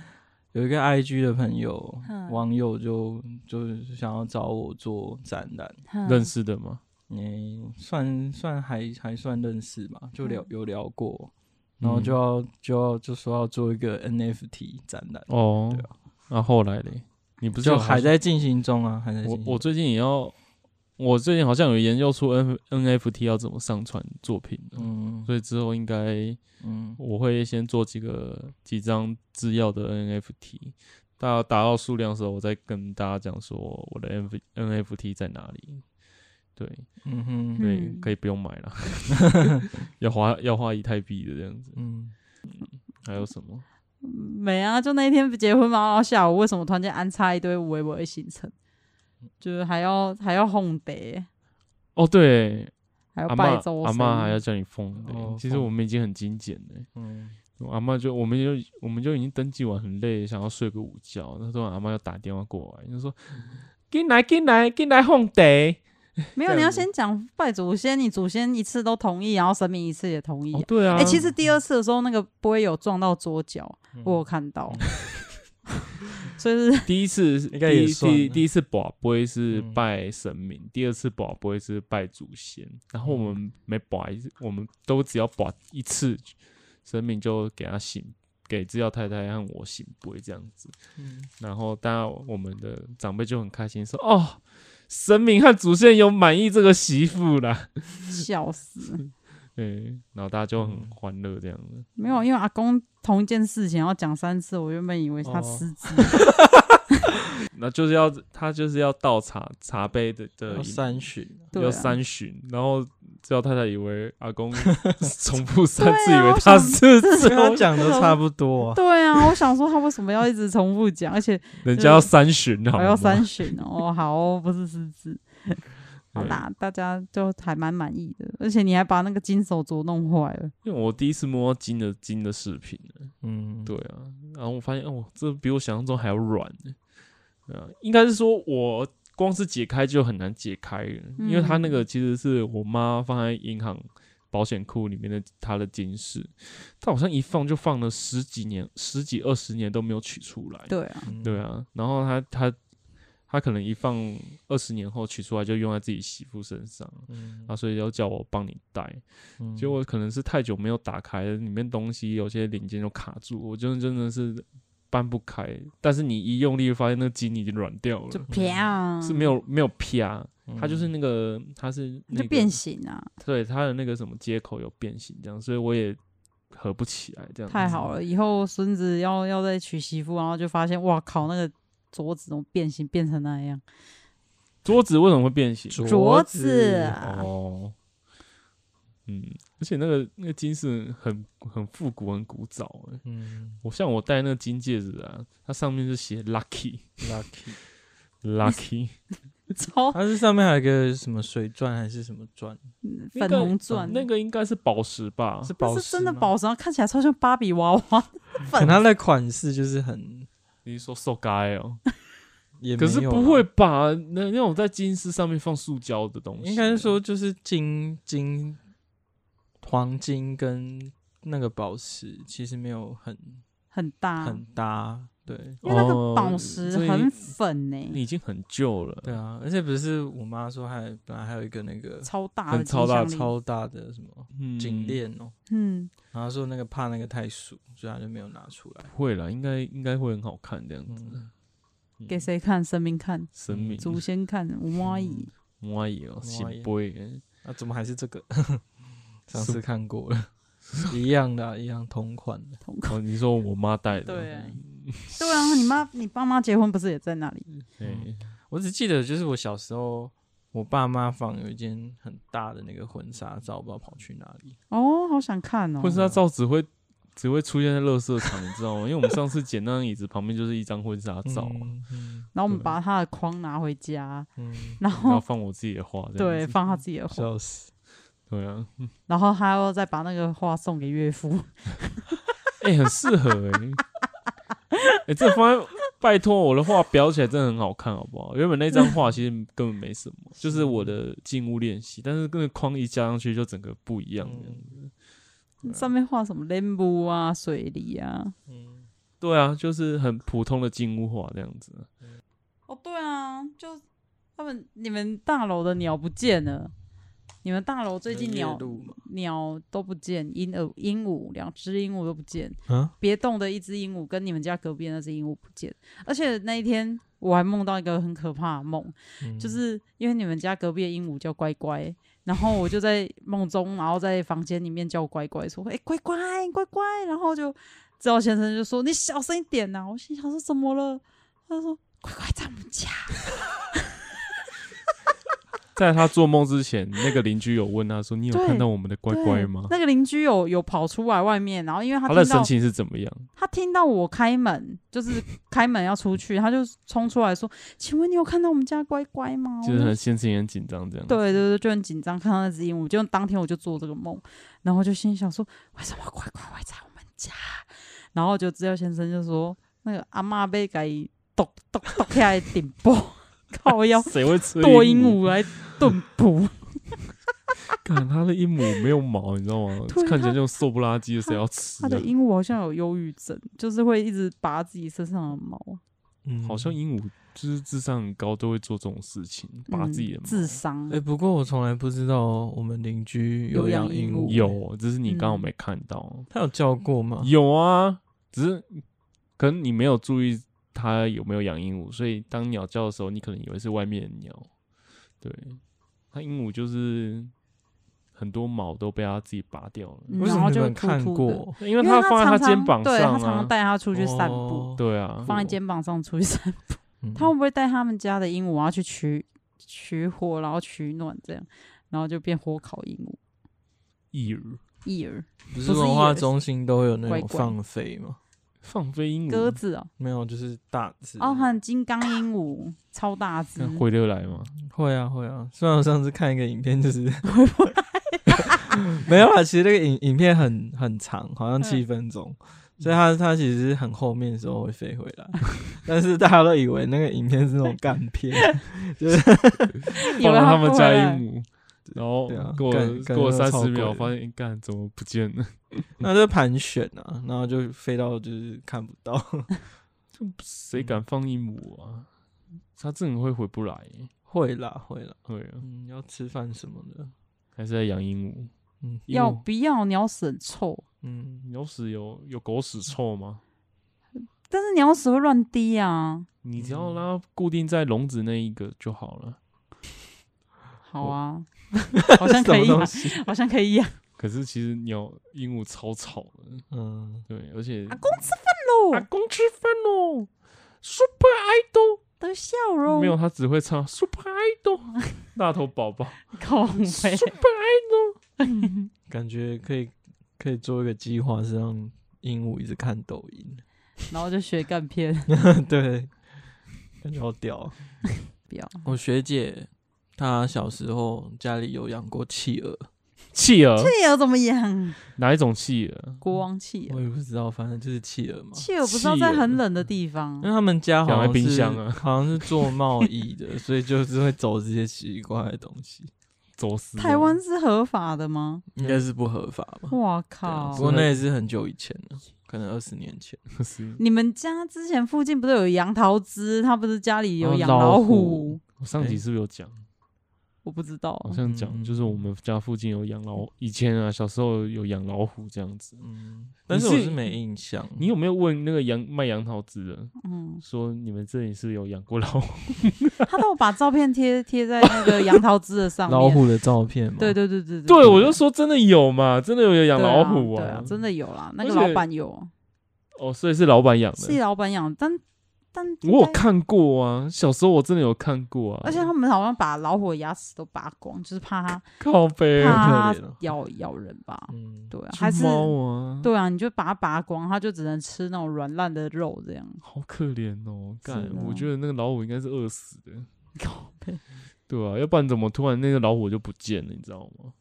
有一個 I G 的朋友 網友就就想要找我做展覽， 認識的嗎？你、欸、算算還還算認識吧，就聊、嗯、有聊過，然後就要、嗯、就要，就，要就說要做一個 N F T 展覽哦，對啊。啊，那後來嘞，你不是就還在進行中啊？還在。我我最近也要。我最近好像有研究出 N NFT 要怎麼上傳作品，嗯，所以之後應該，嗯，我會先做幾個、嗯、幾張製藥的 NFT，大家達到數量的時候，我再跟大家講說我的 N NFT 在哪裡。對，嗯哼，對，可以不用買了、嗯， 要花要花以太幣的這樣子。嗯，還有什麼？沒啊，就那一天不結婚嘛，然、哦、後下午為什麼突然間安插一堆微博的行程？就是還要還要奉茶哦，對，還要拜祖，阿媽還要叫你奉、哦、其實我們已經很精簡了、欸，嗯，阿媽就我們就我們就已經登記完很累，想要睡個午覺。那突然阿媽又打電話過來，就說進、嗯、來進來進來奉茶。沒有，你要先講拜祖先，你祖先一次都同意，然後神明一次也同意、啊哦。對啊，哎、欸，其實第二次的時候那個 boy 有撞到桌角、嗯，我有看到。嗯 所以是第一次，第是，第一次博杯是拜神明，嗯、第二次博杯是拜祖先。然後我們沒博，我們都只要博一次，神明就給他聖，給只要太太和我聖，杯這樣子。嗯、然後大家我們的長輩就很開心說：“哦，神明和祖先有滿意這個媳婦啦，笑死！ 嗯、欸，然後大家就很歡樂這樣子，嗯。沒有，因為阿公同一件事情要講三次，我原本以為他四次。哦、 那就是要他就是要倒茶茶杯的的。要三巡，要三巡，啊、然後最後太太以為阿公重複三次， 以為他是四次，啊、跟他講的差不多。對啊，我想說他為什麼要一直重複講， 而且人家要三巡哦，我要三巡哦，好哦，不是四次。 好啦，大家就還蠻滿意的，而且你還把那個金手鐲弄壞了。因為我第一次摸金的金的飾品，嗯，對啊，然後我發現哦，這比我想象中還要軟。對啊，應該是說我光是解開就很難解開了，嗯，因為它那個其實是我媽放在銀行保險庫裡面的她的金飾，她好像一放就放了十幾年、十幾二十年都沒有取出來。對啊，對啊，然後他他，他可能一放二十年後取出來就用在自己媳婦身上，嗯，啊、所以要叫我幫你帶、嗯，結果我可能是太久沒有打開，裡面東西有些零件就卡住，我覺得真的是搬不開。但是你一用力，發現那個筋已經軟掉了，就啊？是沒有沒有飄，它、嗯、就是那個它是、那個、就變形啊，對，它的那個什麼接口有變形這樣，所以我也合不起來這樣。太好了，以後孫子要要再娶媳婦，然後就發現哇靠那個。桌子怎麼變形變成那樣？桌子為什麼會變形？桌子、啊、哦，嗯，而且那個那個金是很很復古，很古早、欸、嗯，我像我戴那個金戒指啊，它上面是寫 Lucky Lucky Lucky， 超，它是上面還有一個什麼水鑽還是什麼鑽、嗯？粉紅鑽、嗯？那個應該是寶石吧？是寶石？真的寶石，寶石、啊？看起來超像芭比娃娃。 粉，它的款式就是很。比如說受該哦？可是不會吧？那那種在金絲上面放塑膠的東西，應該說就是金金黃金跟那個寶石其實沒有很很大很搭。很搭。對，因為那個寶石很粉呢、欸，哦、你已經很舊了。對啊，而且不是我媽說還本來還有一個那個超大的超大超大的什麼頸鏈哦，嗯，然後說那個怕那個太俗，所以她就沒有拿出來。會啦，應該應該會很好看這樣子。嗯、給誰看？神明看，神明祖先看，我滿意。滿意哦，心、喔、杯。那、啊、怎麼還是這個？ 上次看過了， 一樣的，一樣同款的。同款？哦、你說我媽戴的？ 對、啊。 對啊，你媽你爸媽結婚不是也在那裡？對、嗯欸，我只記得就是我小時候，我爸媽放有一間很大的那個婚紗照，我不知道跑去哪裡。哦，好想看哦！婚紗照只會只會出現在垃圾場，你知道嗎？ 因為我們上次撿那張椅子旁邊就是一張婚紗照、啊嗯嗯，然後我們把他的框拿回家，嗯、然、後然後放我自己的畫，對，放他自己的畫、嗯，對啊。然後還要再把那個畫送給岳父，哎、 欸，很適合哎、欸。 哎、 欸，這方面拜托我的畫裱起來真的很好看，好不好？原本那張畫其實根本沒什麼， 就是我的靜物練習，但是跟框一加上去就整個不一樣這樣子，嗯嗯，你上面畫什麼蓮霧啊，水梨啊。對啊，就是很普通的靜物畫這樣子。哦，對啊，就他們你們大樓的鳥不見了。你們大樓最近鳥鳥都不見，鸚鵡鸚鵡兩隻鸚鵡都不見，別棟的一隻鸚鵡跟你們家隔壁的那隻鸚鵡不見。而且那一天我還夢到一個很可怕的夢、嗯，就是因為你們家隔壁的鸚鵡叫乖乖，然後我就在夢中，然後在房間裡面叫乖乖說：“哎、 欸、乖乖乖乖”，然後就趙先生就說：“你小聲一點吶、啊。”我心想說：“怎麼了？”他就說：“乖乖在我們家。 ” 在他做夢之前，那個鄰居有問他說：“你有看到我們的乖乖嗎？”那個鄰居有有跑出來外面，然後因為他他的神情是怎麼樣？他聽到我開門，就是開門要出去， 他就衝出來說：“請問你有看到我們家乖乖嗎？”就是很心情很緊張這樣，對。對對對，就很緊張，看到那只鸚鵡，就當天我就做這個夢，然後就心想說：“為什麼乖乖會在我們家？”然後就知道先生就說：“那個阿嬤被給咚咚咚掉的頂包。 ”靠，要誰會吃剁？ 剁鸚鵡來燉補？看他的鸚鵡沒有毛，你知道嗎？看起來就瘦不拉幾的，誰要吃、啊他？他的鸚鵡好像有憂鬱症，就是會一直拔自己身上的毛。嗯，好像鸚鵡就是智商很高，都會做這種事情，拔自己的、嗯、智商。哎、欸，不過我從來不知道我們鄰居有養鸚鵡，有，只是你剛好沒看到、嗯。他有叫過嗎？有啊，只是，可能你沒有注意。他有沒有養鸚鵡？所以當鳥叫的時候，你可能以為是外面的鳥。對，他鸚鵡就是很多毛都被他自己拔掉了。嗯、吐吐為什麼就看過？因為他放在他肩膀上、啊，常常，對，他常常帶他出去散步、哦。對啊，放在肩膀上出去散步。他會不會帶他們家的鸚鵡然後去取取火，然後取暖這樣？然後就變火烤鸚鵡。翼兒，翼兒，不是文化中心都會有那種放飛嗎？放飛鸚鵡鴿子哦，沒有，就是大隻哦，很金剛鸚鵡，超大隻，回得來嗎？會啊，會啊。雖然我上次看一個影片，就是回不來 沒有啊。其實那個影影片很很長，好像七分鐘、嗯，所以它它其實很後面的時候會飛回來、嗯，但是大家都以為那個影片是那種干片， 就是放他，他們摘鸚鵡，然後、啊、過了過三十秒發現幹怎麼不見了。 那這盤旋吶，然後就飛到就是看不到，就 誰 敢放鸚鵡啊？它真的會回不來、欸？會啦，會啦，會啦。你、嗯、要吃飯什麼的，還是在養鸚鵡？嗯，要不要？鳥屎很臭？嗯，鳥屎有有狗屎臭嗎？但是鳥屎會亂滴啊！你只要讓它固定在籠子那一個就好了。嗯、好啊， 好像可以、啊， 好像可以啊。可是其實鳥鸚鵡超吵的，嗯，對，而且阿公吃飯嘍，阿公吃飯嘍，Super Idol 的笑容，沒有，他只會唱 Super Idol， 大頭寶寶 你，Super Idol， 感覺可以可以做一個計劃，是讓鸚鵡一直看抖音，然後就學干片， 對，感覺好屌，我學姐她小時候家裡有養過企鵝。企鵝，企鵝怎麼養？哪一種企鵝？國王企鵝，我也不知道，反正就是企鵝嘛。企鵝不知道在很冷的地方，因為他們家好像是冰箱、啊、好像是做貿易的， 所以就是會走這些奇怪的東西。 走私？台灣是合法的嗎？應該是不合法吧、嗯。哇靠！不過那也是很久以前了，可能二十年前。 你們家之前附近不是有楊桃汁，他不是家裡有養老虎？虎我上集是不是有講？欸我不知道，好像講、嗯、就是我們家附近有養老，以前啊，小時候有養老虎這樣子，嗯，但是我是沒印象。你，你有沒有問那個楊賣楊桃汁的，嗯，說你們這裡是不是有養過老虎？ 他都把照片貼貼在那個楊桃汁的上面， 老虎的照片嗎？ 對，對，對，對對對對對，對，我就說真的有嘛，真的有養老虎啊，對啊，對啊，真的有啦，那個老闆有，哦，所以是老闆養的，是老闆養，但。我有看過啊，小時候我真的有看過啊，而且他們好像把老虎牙齒都拔光，就是怕它，靠北，怕咬、嗯、咬人吧，嗯、啊，對、啊，還是貓啊，對啊，你就把它拔光，它就只能吃那種軟爛的肉這樣，好可憐哦，幹，我覺得那個老虎應該是餓死的，靠北，對啊，要不然怎麼突然那個老虎就不見了，你知道嗎？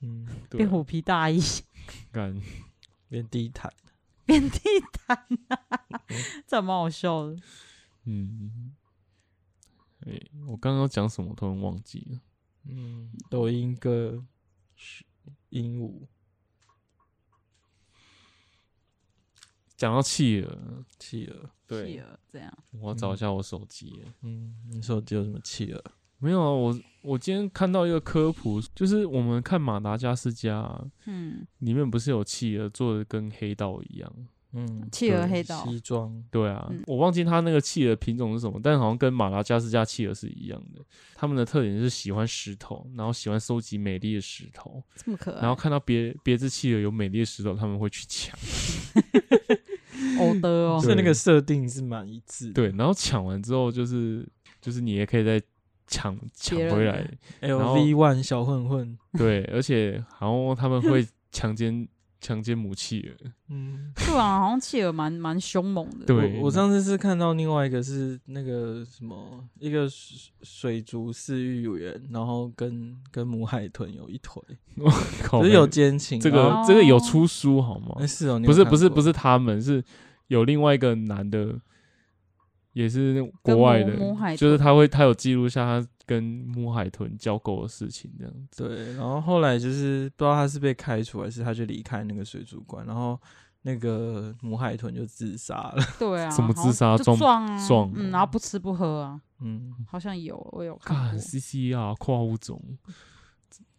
嗯，對啊、變虎皮大衣，幹，變地毯。變地毯、啊， 這蠻好笑的。嗯，哎、欸，我剛剛講什麼突然忘記了。嗯，抖音哥是鸚鵡，講到企鵝，企鵝，對，企鵝這樣。我要找一下我手機、嗯。嗯，你手機有什麼企鵝？沒有啊，我我今天看到一個科普，就是我們看馬達加斯加、啊，嗯，裡面不是有企鵝做的跟黑道一樣，嗯，企鵝黑道西裝，對啊、嗯，我忘記它那個企鵝品種是什麼，但好像跟馬達加斯加企鵝是一樣的。他們的特點是喜歡石頭，然後喜歡收集美麗的石頭，這麼可愛，然後看到別別隻企鵝有美麗的石頭，他們會去搶，哦，對哦，所 以樂那個設定是蠻一致，對，然後搶完之後就是就是你也可以在。搶搶回來 LV One 小混混，對，而且好像他們會強姦強姦母企鵝，嗯，對啊，好像企鵝蠻蠻兇猛的。對我，我上次是看到另外一個是那個什麼一個水水族飼育員，然後跟跟母海豚有一腿，哇靠，就是、有奸情，這個、啊、這個有出書好嗎？不、欸、是不、喔、是不是，不是不是他們是有另外一個男的。也是國外的，就是他會，他有記錄下他跟母海豚交媾的事情這樣子。對，然後後來就是不知道他是被開除還是他就離開那個水族館，然後那個母海豚就自殺了。對啊，什麼自殺撞撞、撞、嗯，然後不吃不喝啊，嗯，好像有我有看 C、啊、C R 跨物種，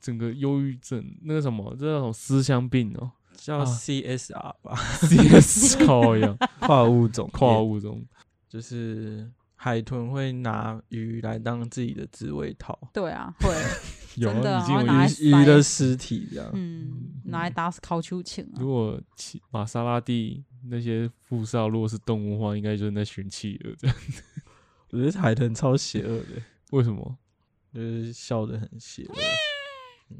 整個憂鬱症，那個什麼這種思鄉病哦、喔，叫 C S R 吧，C S R 一樣 跨物種，跨物種。就是海豚會拿魚來當自己的職位套，對啊， 有已經有會一，有的拿魚的屍體這樣，嗯，拿來打草球球啊、嗯。如果馬莎拉蒂那些富少如果是動物的話，應該就是那群企鵝這樣。 我覺得海豚超邪惡的、欸， 為什麼？就是笑得很邪惡。 嗯，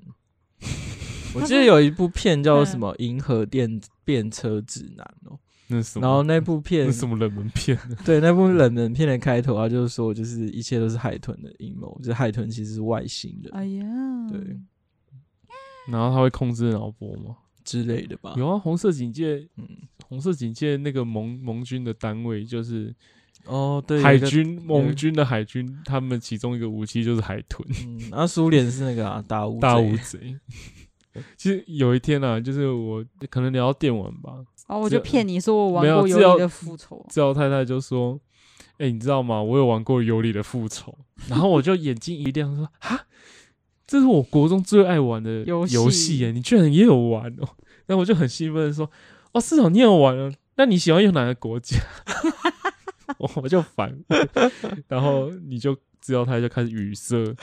我記得有一部片叫什麼《銀 河電電車指南、喔》哦。那什麼然後那部片，嗯、那什麼冷門片？ 對，那部冷門片的開頭啊，就是說，就是一切都是海豚的陰謀，就是，海豚其實是外星人。哎呀，對。然後他會控制腦波嗎之類的吧？有啊，《紅色警戒》嗯，《紅色警戒》那個盟盟軍的單位就是哦，oh, 對，海軍盟軍的海軍，他們其中一個武器就是海豚。那，嗯啊，蘇聯是那個啊，大烏大烏賊。大烏賊 其實有一天呢，啊，就是我可能聊到電玩吧。哦、我就騙你說我玩過尤里的復仇。知道太太就說：“哎、欸，你知道嗎？我有玩過尤里的復仇。”然後我就眼睛一亮說：“哈， 這是我國中最愛玩的遊戲耶！你居然也有玩哦、喔！”然後我就很興奮地說：“哦，市長你也玩哦、啊、那你喜歡用哪個國家？” 我就煩，然後你就知道，他就開始語塞。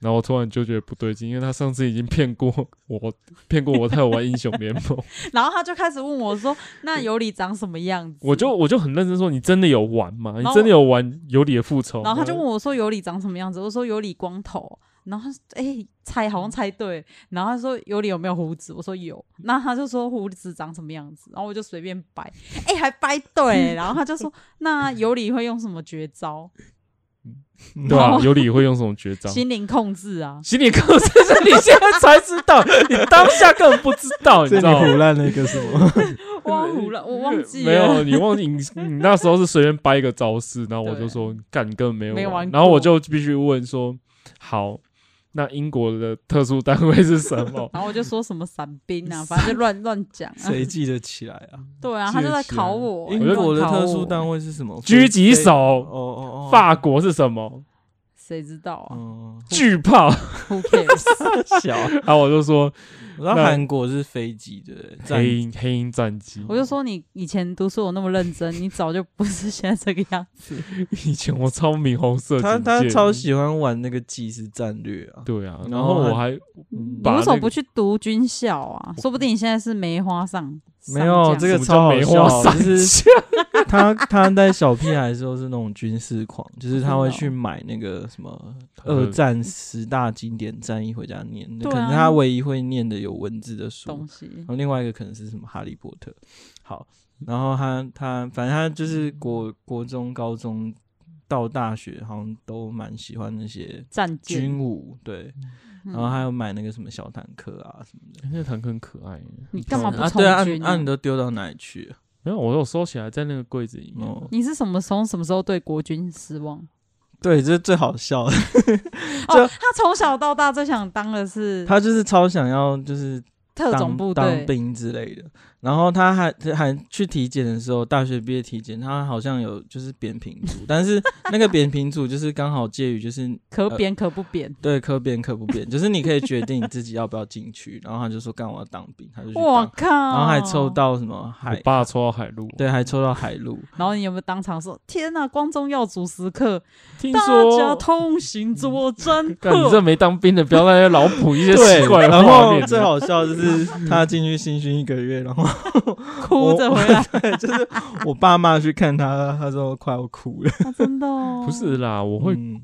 然後我突然就覺得不對勁，因為他上次已經騙過我，騙過我他有玩英雄聯盟。 然後他就開始問我說：“那尤里長什麼樣子？” 我就我就很認真說：“你真的有玩嗎？你真的有玩尤裡的復仇然？”然後他就問我說：“尤里長什麼樣子？”我說：“尤裡光頭。”然後他說：“哎、欸，猜，好像猜對。”然後他說：“尤裡有沒有鬍子？”我說：“有。”然後他就說：“胡子長什麼樣子？”然後我就隨便掰，哎、欸，還掰對。然後他就說：“那尤裡會用什麼絕招？” 對啊，尤里會用什麼絕招？哦，心靈控制啊！心靈控制是你現在才知道， 你當下根本不知道， 你知道嗎？你胡亂那個什麼？我胡亂，我忘記了。 沒有，你忘記你你那時候是隨便掰一個招式，然後我就說幹，你根本沒有沒玩，然後我就必須問說好。那英國的特殊單位是什麼？ 然後我就說什麼傘兵啊，反正就亂亂講啊。誰 記得起來啊？對啊，他就在考我、欸。英國的特殊單位是什麼？欸、狙擊手、欸哦哦哦。法國是什麼？誰知道啊？巨、嗯、炮，怕 小後、啊 啊、我就說，那韓國是飛機的黑鷹，黑鷹戰機。我就說，你以前讀書我那麼認真， 你早就不是現在這個樣子。以前我超迷紅色警戒，他他超喜歡玩那個即時戰略啊。對啊，然後我還、那個，你為什麼不去讀軍校啊？說不定你現在是梅花上。沒有這個超好笑，就是他他帶小屁孩的時候是那種軍事狂， 就是他會去買那個什麼、嗯、二戰十大經典戰役回家念的、嗯，可能他唯一會念的有文字的書。然後另外一個可能是什麼哈利波特。好，然後他他反正他就是國國中、高中到大學好像都蠻喜歡那些軍武戰軍武，對。然後還有買那個什麼小坦克啊什麼的，欸、那坦克很可愛很漂亮。你幹嘛不從軍、啊啊？對啊，那、啊、你都丟到哪裡去？沒有，我有收起來在那個櫃子裡面、嗯。你是什麼時候什麼時候對國軍失望？對，這是最好笑的。 哦，他從小到大最想當的是，他就是超想要就是特種部隊當兵之類的。然後他還還去體檢的時候，大學畢業體檢，他好像有就是扁平足， 但是那個扁平足就是剛好介於就是可扁可不扁、呃，對，可扁可不扁， 就是你可以決定你自己要不要進去。然後他就說幹我要當兵，他就說我靠，然後還抽到什麼海，爸抽到海陸，對，還抽到海陸。然後你有沒有當場說天哪，光宗耀祖時刻，大家痛心作戰、嗯？你這沒當兵的， 不要那些腦補一些奇怪的畫面。然後你最好笑就是他進去新訓一個月，然後。 哭着回來，就是我爸媽去看他，他說快要哭了。 啊、真的、哦？不是啦，我會、嗯，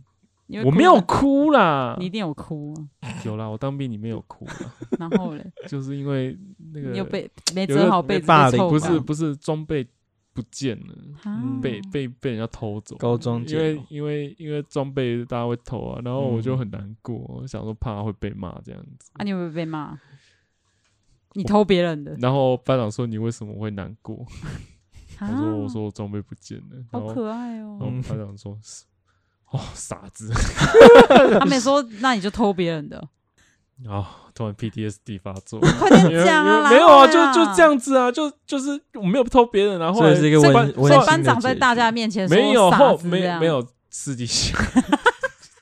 我沒有哭啦。你一定有哭 。有啦，我當兵你沒有哭。 然後呢，就是因為那個有被沒整好被子被 不是不是裝備不見了， 被被被人家偷走。高裝，因為因為 因為裝備大家會偷啊，然後我就很難過、嗯，我想說怕他會被罵這樣子。啊，你有沒有被罵？你偷別人的，然後班長說：“你為什麼會難過？”啊、他說：“我說我裝備不見了。”好可愛哦、喔！班長說：“ 哦，傻子。 ”他沒說，那你就偷別人的。然、哦、後突然 PTSD 發作，快點加沒有啊，就就這樣子啊，就就是我沒有偷別人、啊，然後所以，是一個所以班長在大家面前，家面前沒有傻沒有沒有私底下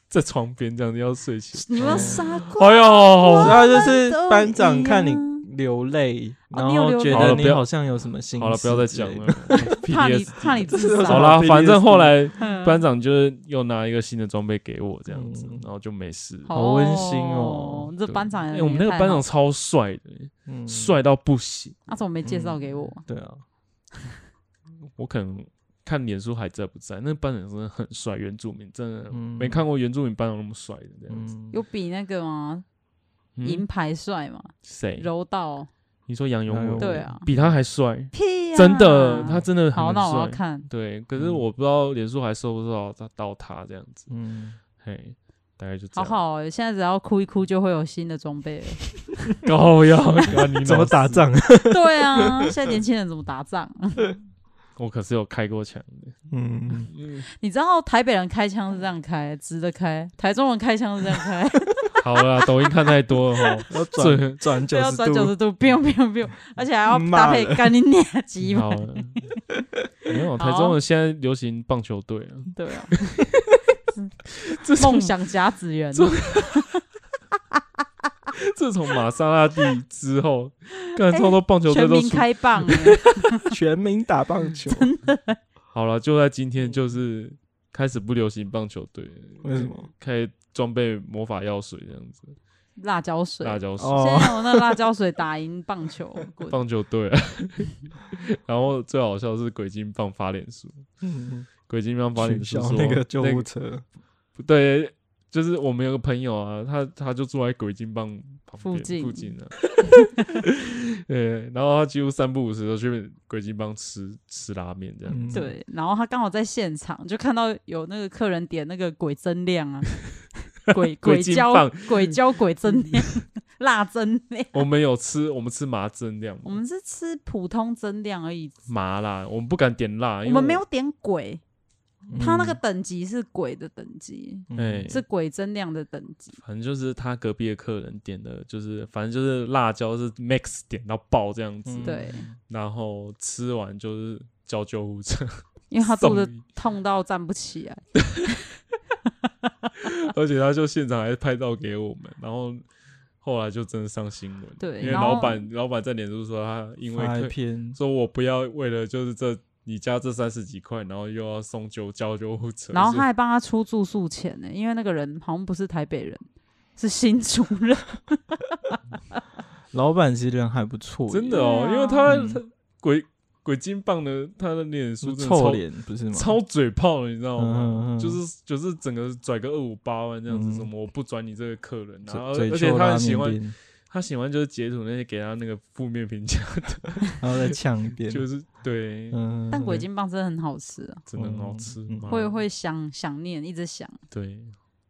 在床邊這樣子要睡醒，你們傻瓜、嗯嗯！哎呦，那就是班長看你。流淚，然後覺得你好像有什麼心事、啊、好，好了，不要再講了。 怕你，怕你自己。好啦，反正後來班長就是又拿一個新的裝備給我，這樣子、嗯，然後就沒事。好溫馨哦，這班長。哎、欸，我們那個班長超帥的、欸，帥、嗯、到不行。他、啊、怎麼沒介紹給我、啊、嗯？對啊， 我可能看臉書還在不在？那班長真的很帥，原住民真的、嗯、沒看過原住民班長那麼帥的這樣子、嗯。有比那個嗎？銀、嗯、牌帥嘛？誰？柔道？你說楊勇、嗯？對啊，比他還帥。屁啊！真的，他真的很帥。那我要看。對，可是我不知道臉書還收不收他到，到他這樣子。嗯，嘿，大概就這樣。好好，現在只要哭一哭就會有新的裝備了。 高陽雅，你 怎麼打仗？ 對啊，現在年輕人怎麼打仗？ 我可是有開過槍的，嗯，你知道台北人開槍是這樣開，直的開；台中人開槍是這樣開。 好了、啊， 抖音看太多了哈，轉轉九十度，轉九十度，彪彪彪，而且還要搭配幹你娘吉姆。沒有、 嗯哎哦，台中人現在流行棒球隊啊。對啊， 夢想家子園。 自從瑪莎拉蒂之後，乾脆抽多棒球隊都、欸、全民開棒了， 全民打棒球。 好了，就在今天，就是開始不流行棒球隊。為什麼？開裝備魔法藥水這樣子，辣椒水，辣椒水，辣椒水那辣椒水打贏棒球， 棒球隊、啊。 然後最好笑是鬼金棒發臉書，嗯嗯鬼金棒發臉書那，那個救護車不對。就是我們有個朋友啊，他他就住在鬼金棒旁邊附近了，附近啊、 對，然後他幾乎三不五時都去鬼金棒吃吃拉麵這樣。對，然後他剛好在現場就看到有那個客人點那個鬼增量啊， 鬼鬼椒 鬼椒鬼增量 辣增量。我們有吃，我們吃麻增量，我們是吃普通增量而已。麻辣，我們不敢點辣，因為我，我們沒有點鬼。嗯、他那個等級是鬼的等級，哎、嗯，是鬼增量的等級。反正就是他隔壁的客人點的，就是反正就是辣椒是 max 點到爆這樣子。對、嗯，然後吃完就是叫救護車，因為他肚子痛到站不起來。 而且他就現場還拍照給我們，然後後來就真的上新聞。對，因為老闆老闆在臉書說他因為拍片，說我不要為了就是這。你加這三十幾塊，然後又要送酒，叫救護車，然後他還幫他出住宿錢呢、欸， 因為那個人好像不是台北人，是新竹人。 老板其實人還不錯，真的哦、喔啊，因為他,、嗯、他鬼鬼精棒的，他的臉書真的超臭臉不是嗎？超嘴炮，你知道嗎？嗯嗯嗯就是就是整個拽個二五八萬這樣子，什麼我、嗯嗯、不轉你這個客人，然後而且他很喜歡。他喜歡就是截圖那些給他那個負面評價的，然後再嗆一點，就是對、嗯。但鬼金棒真的很好吃啊，真的很好吃、嗯。會會想想念，一直想。對，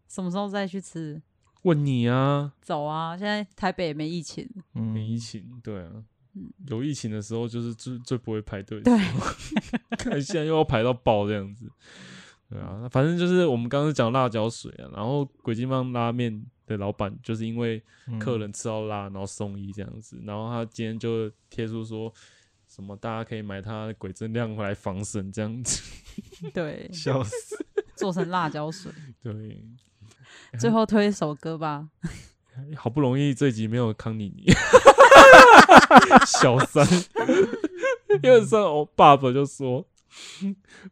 什麼時候再去吃？問你啊，走啊！現在台北沒疫情、嗯，沒疫情。對啊，有疫情的時候就是最最不會排隊的時候。對， 看現在又要排到爆這樣子。對啊，反正就是我們剛剛講辣椒水啊，然後鬼金棒拉面的老板就是因為客人吃到辣，嗯、然後送醫這樣子，然後他今天就貼出說，什麼大家可以買他的鬼金棒回來防身這樣子，對，笑死，做成辣椒水，對，欸、最後推一首歌吧，好不容易這集沒有康妮妮， 小三， 嗯、因為上我、哦、爸爸就說，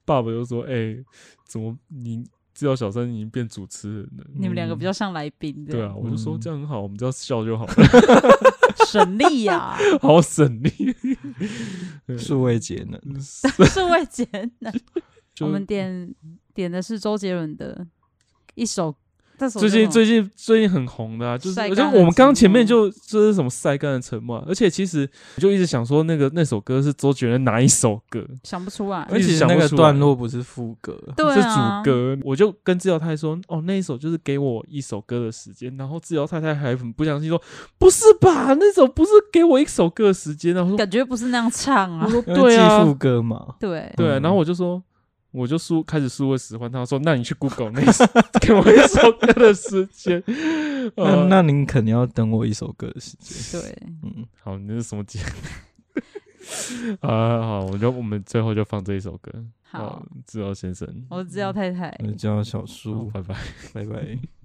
爸爸就說，哎、欸。怎麼？你知道小三已經變主持人了？你們兩個比較像來賓、嗯。對啊、嗯，我就說這樣很好，我們這樣笑就好了，哈哈哈，省力呀、啊，好省力，數 位節節能，數 位節節能。 我們點點的是周杰倫的一首歌。最近最近最近很紅的，啊，就是我們剛前面就就是什麼曬乾的沉默、啊，而且其實我就一直想說那個那首歌是周杰倫哪一首歌，想不出來。而且那個段落不是副歌，對啊、是主歌。我就跟志療太太說，哦，那一首就是給我一首歌的時間。然後志療太太還很不相信說，說不是吧，那首不是給我一首歌的時間、啊。然後感覺不是那樣唱啊，對啊，副歌嘛，對、嗯、對、啊。然後我就說。我就開始輸我使喚他，說：“那你去 Google，那一首 給我一首歌的時間。 啊”那那您肯定要等我一首歌的時間。對，嗯，好，你是什麼節目、？ 啊？好，我就我們最後就放這一首歌。好，啊，知要先生，我知要太太，嗯，我要小叔、嗯，拜拜，嗯，拜拜。 拜拜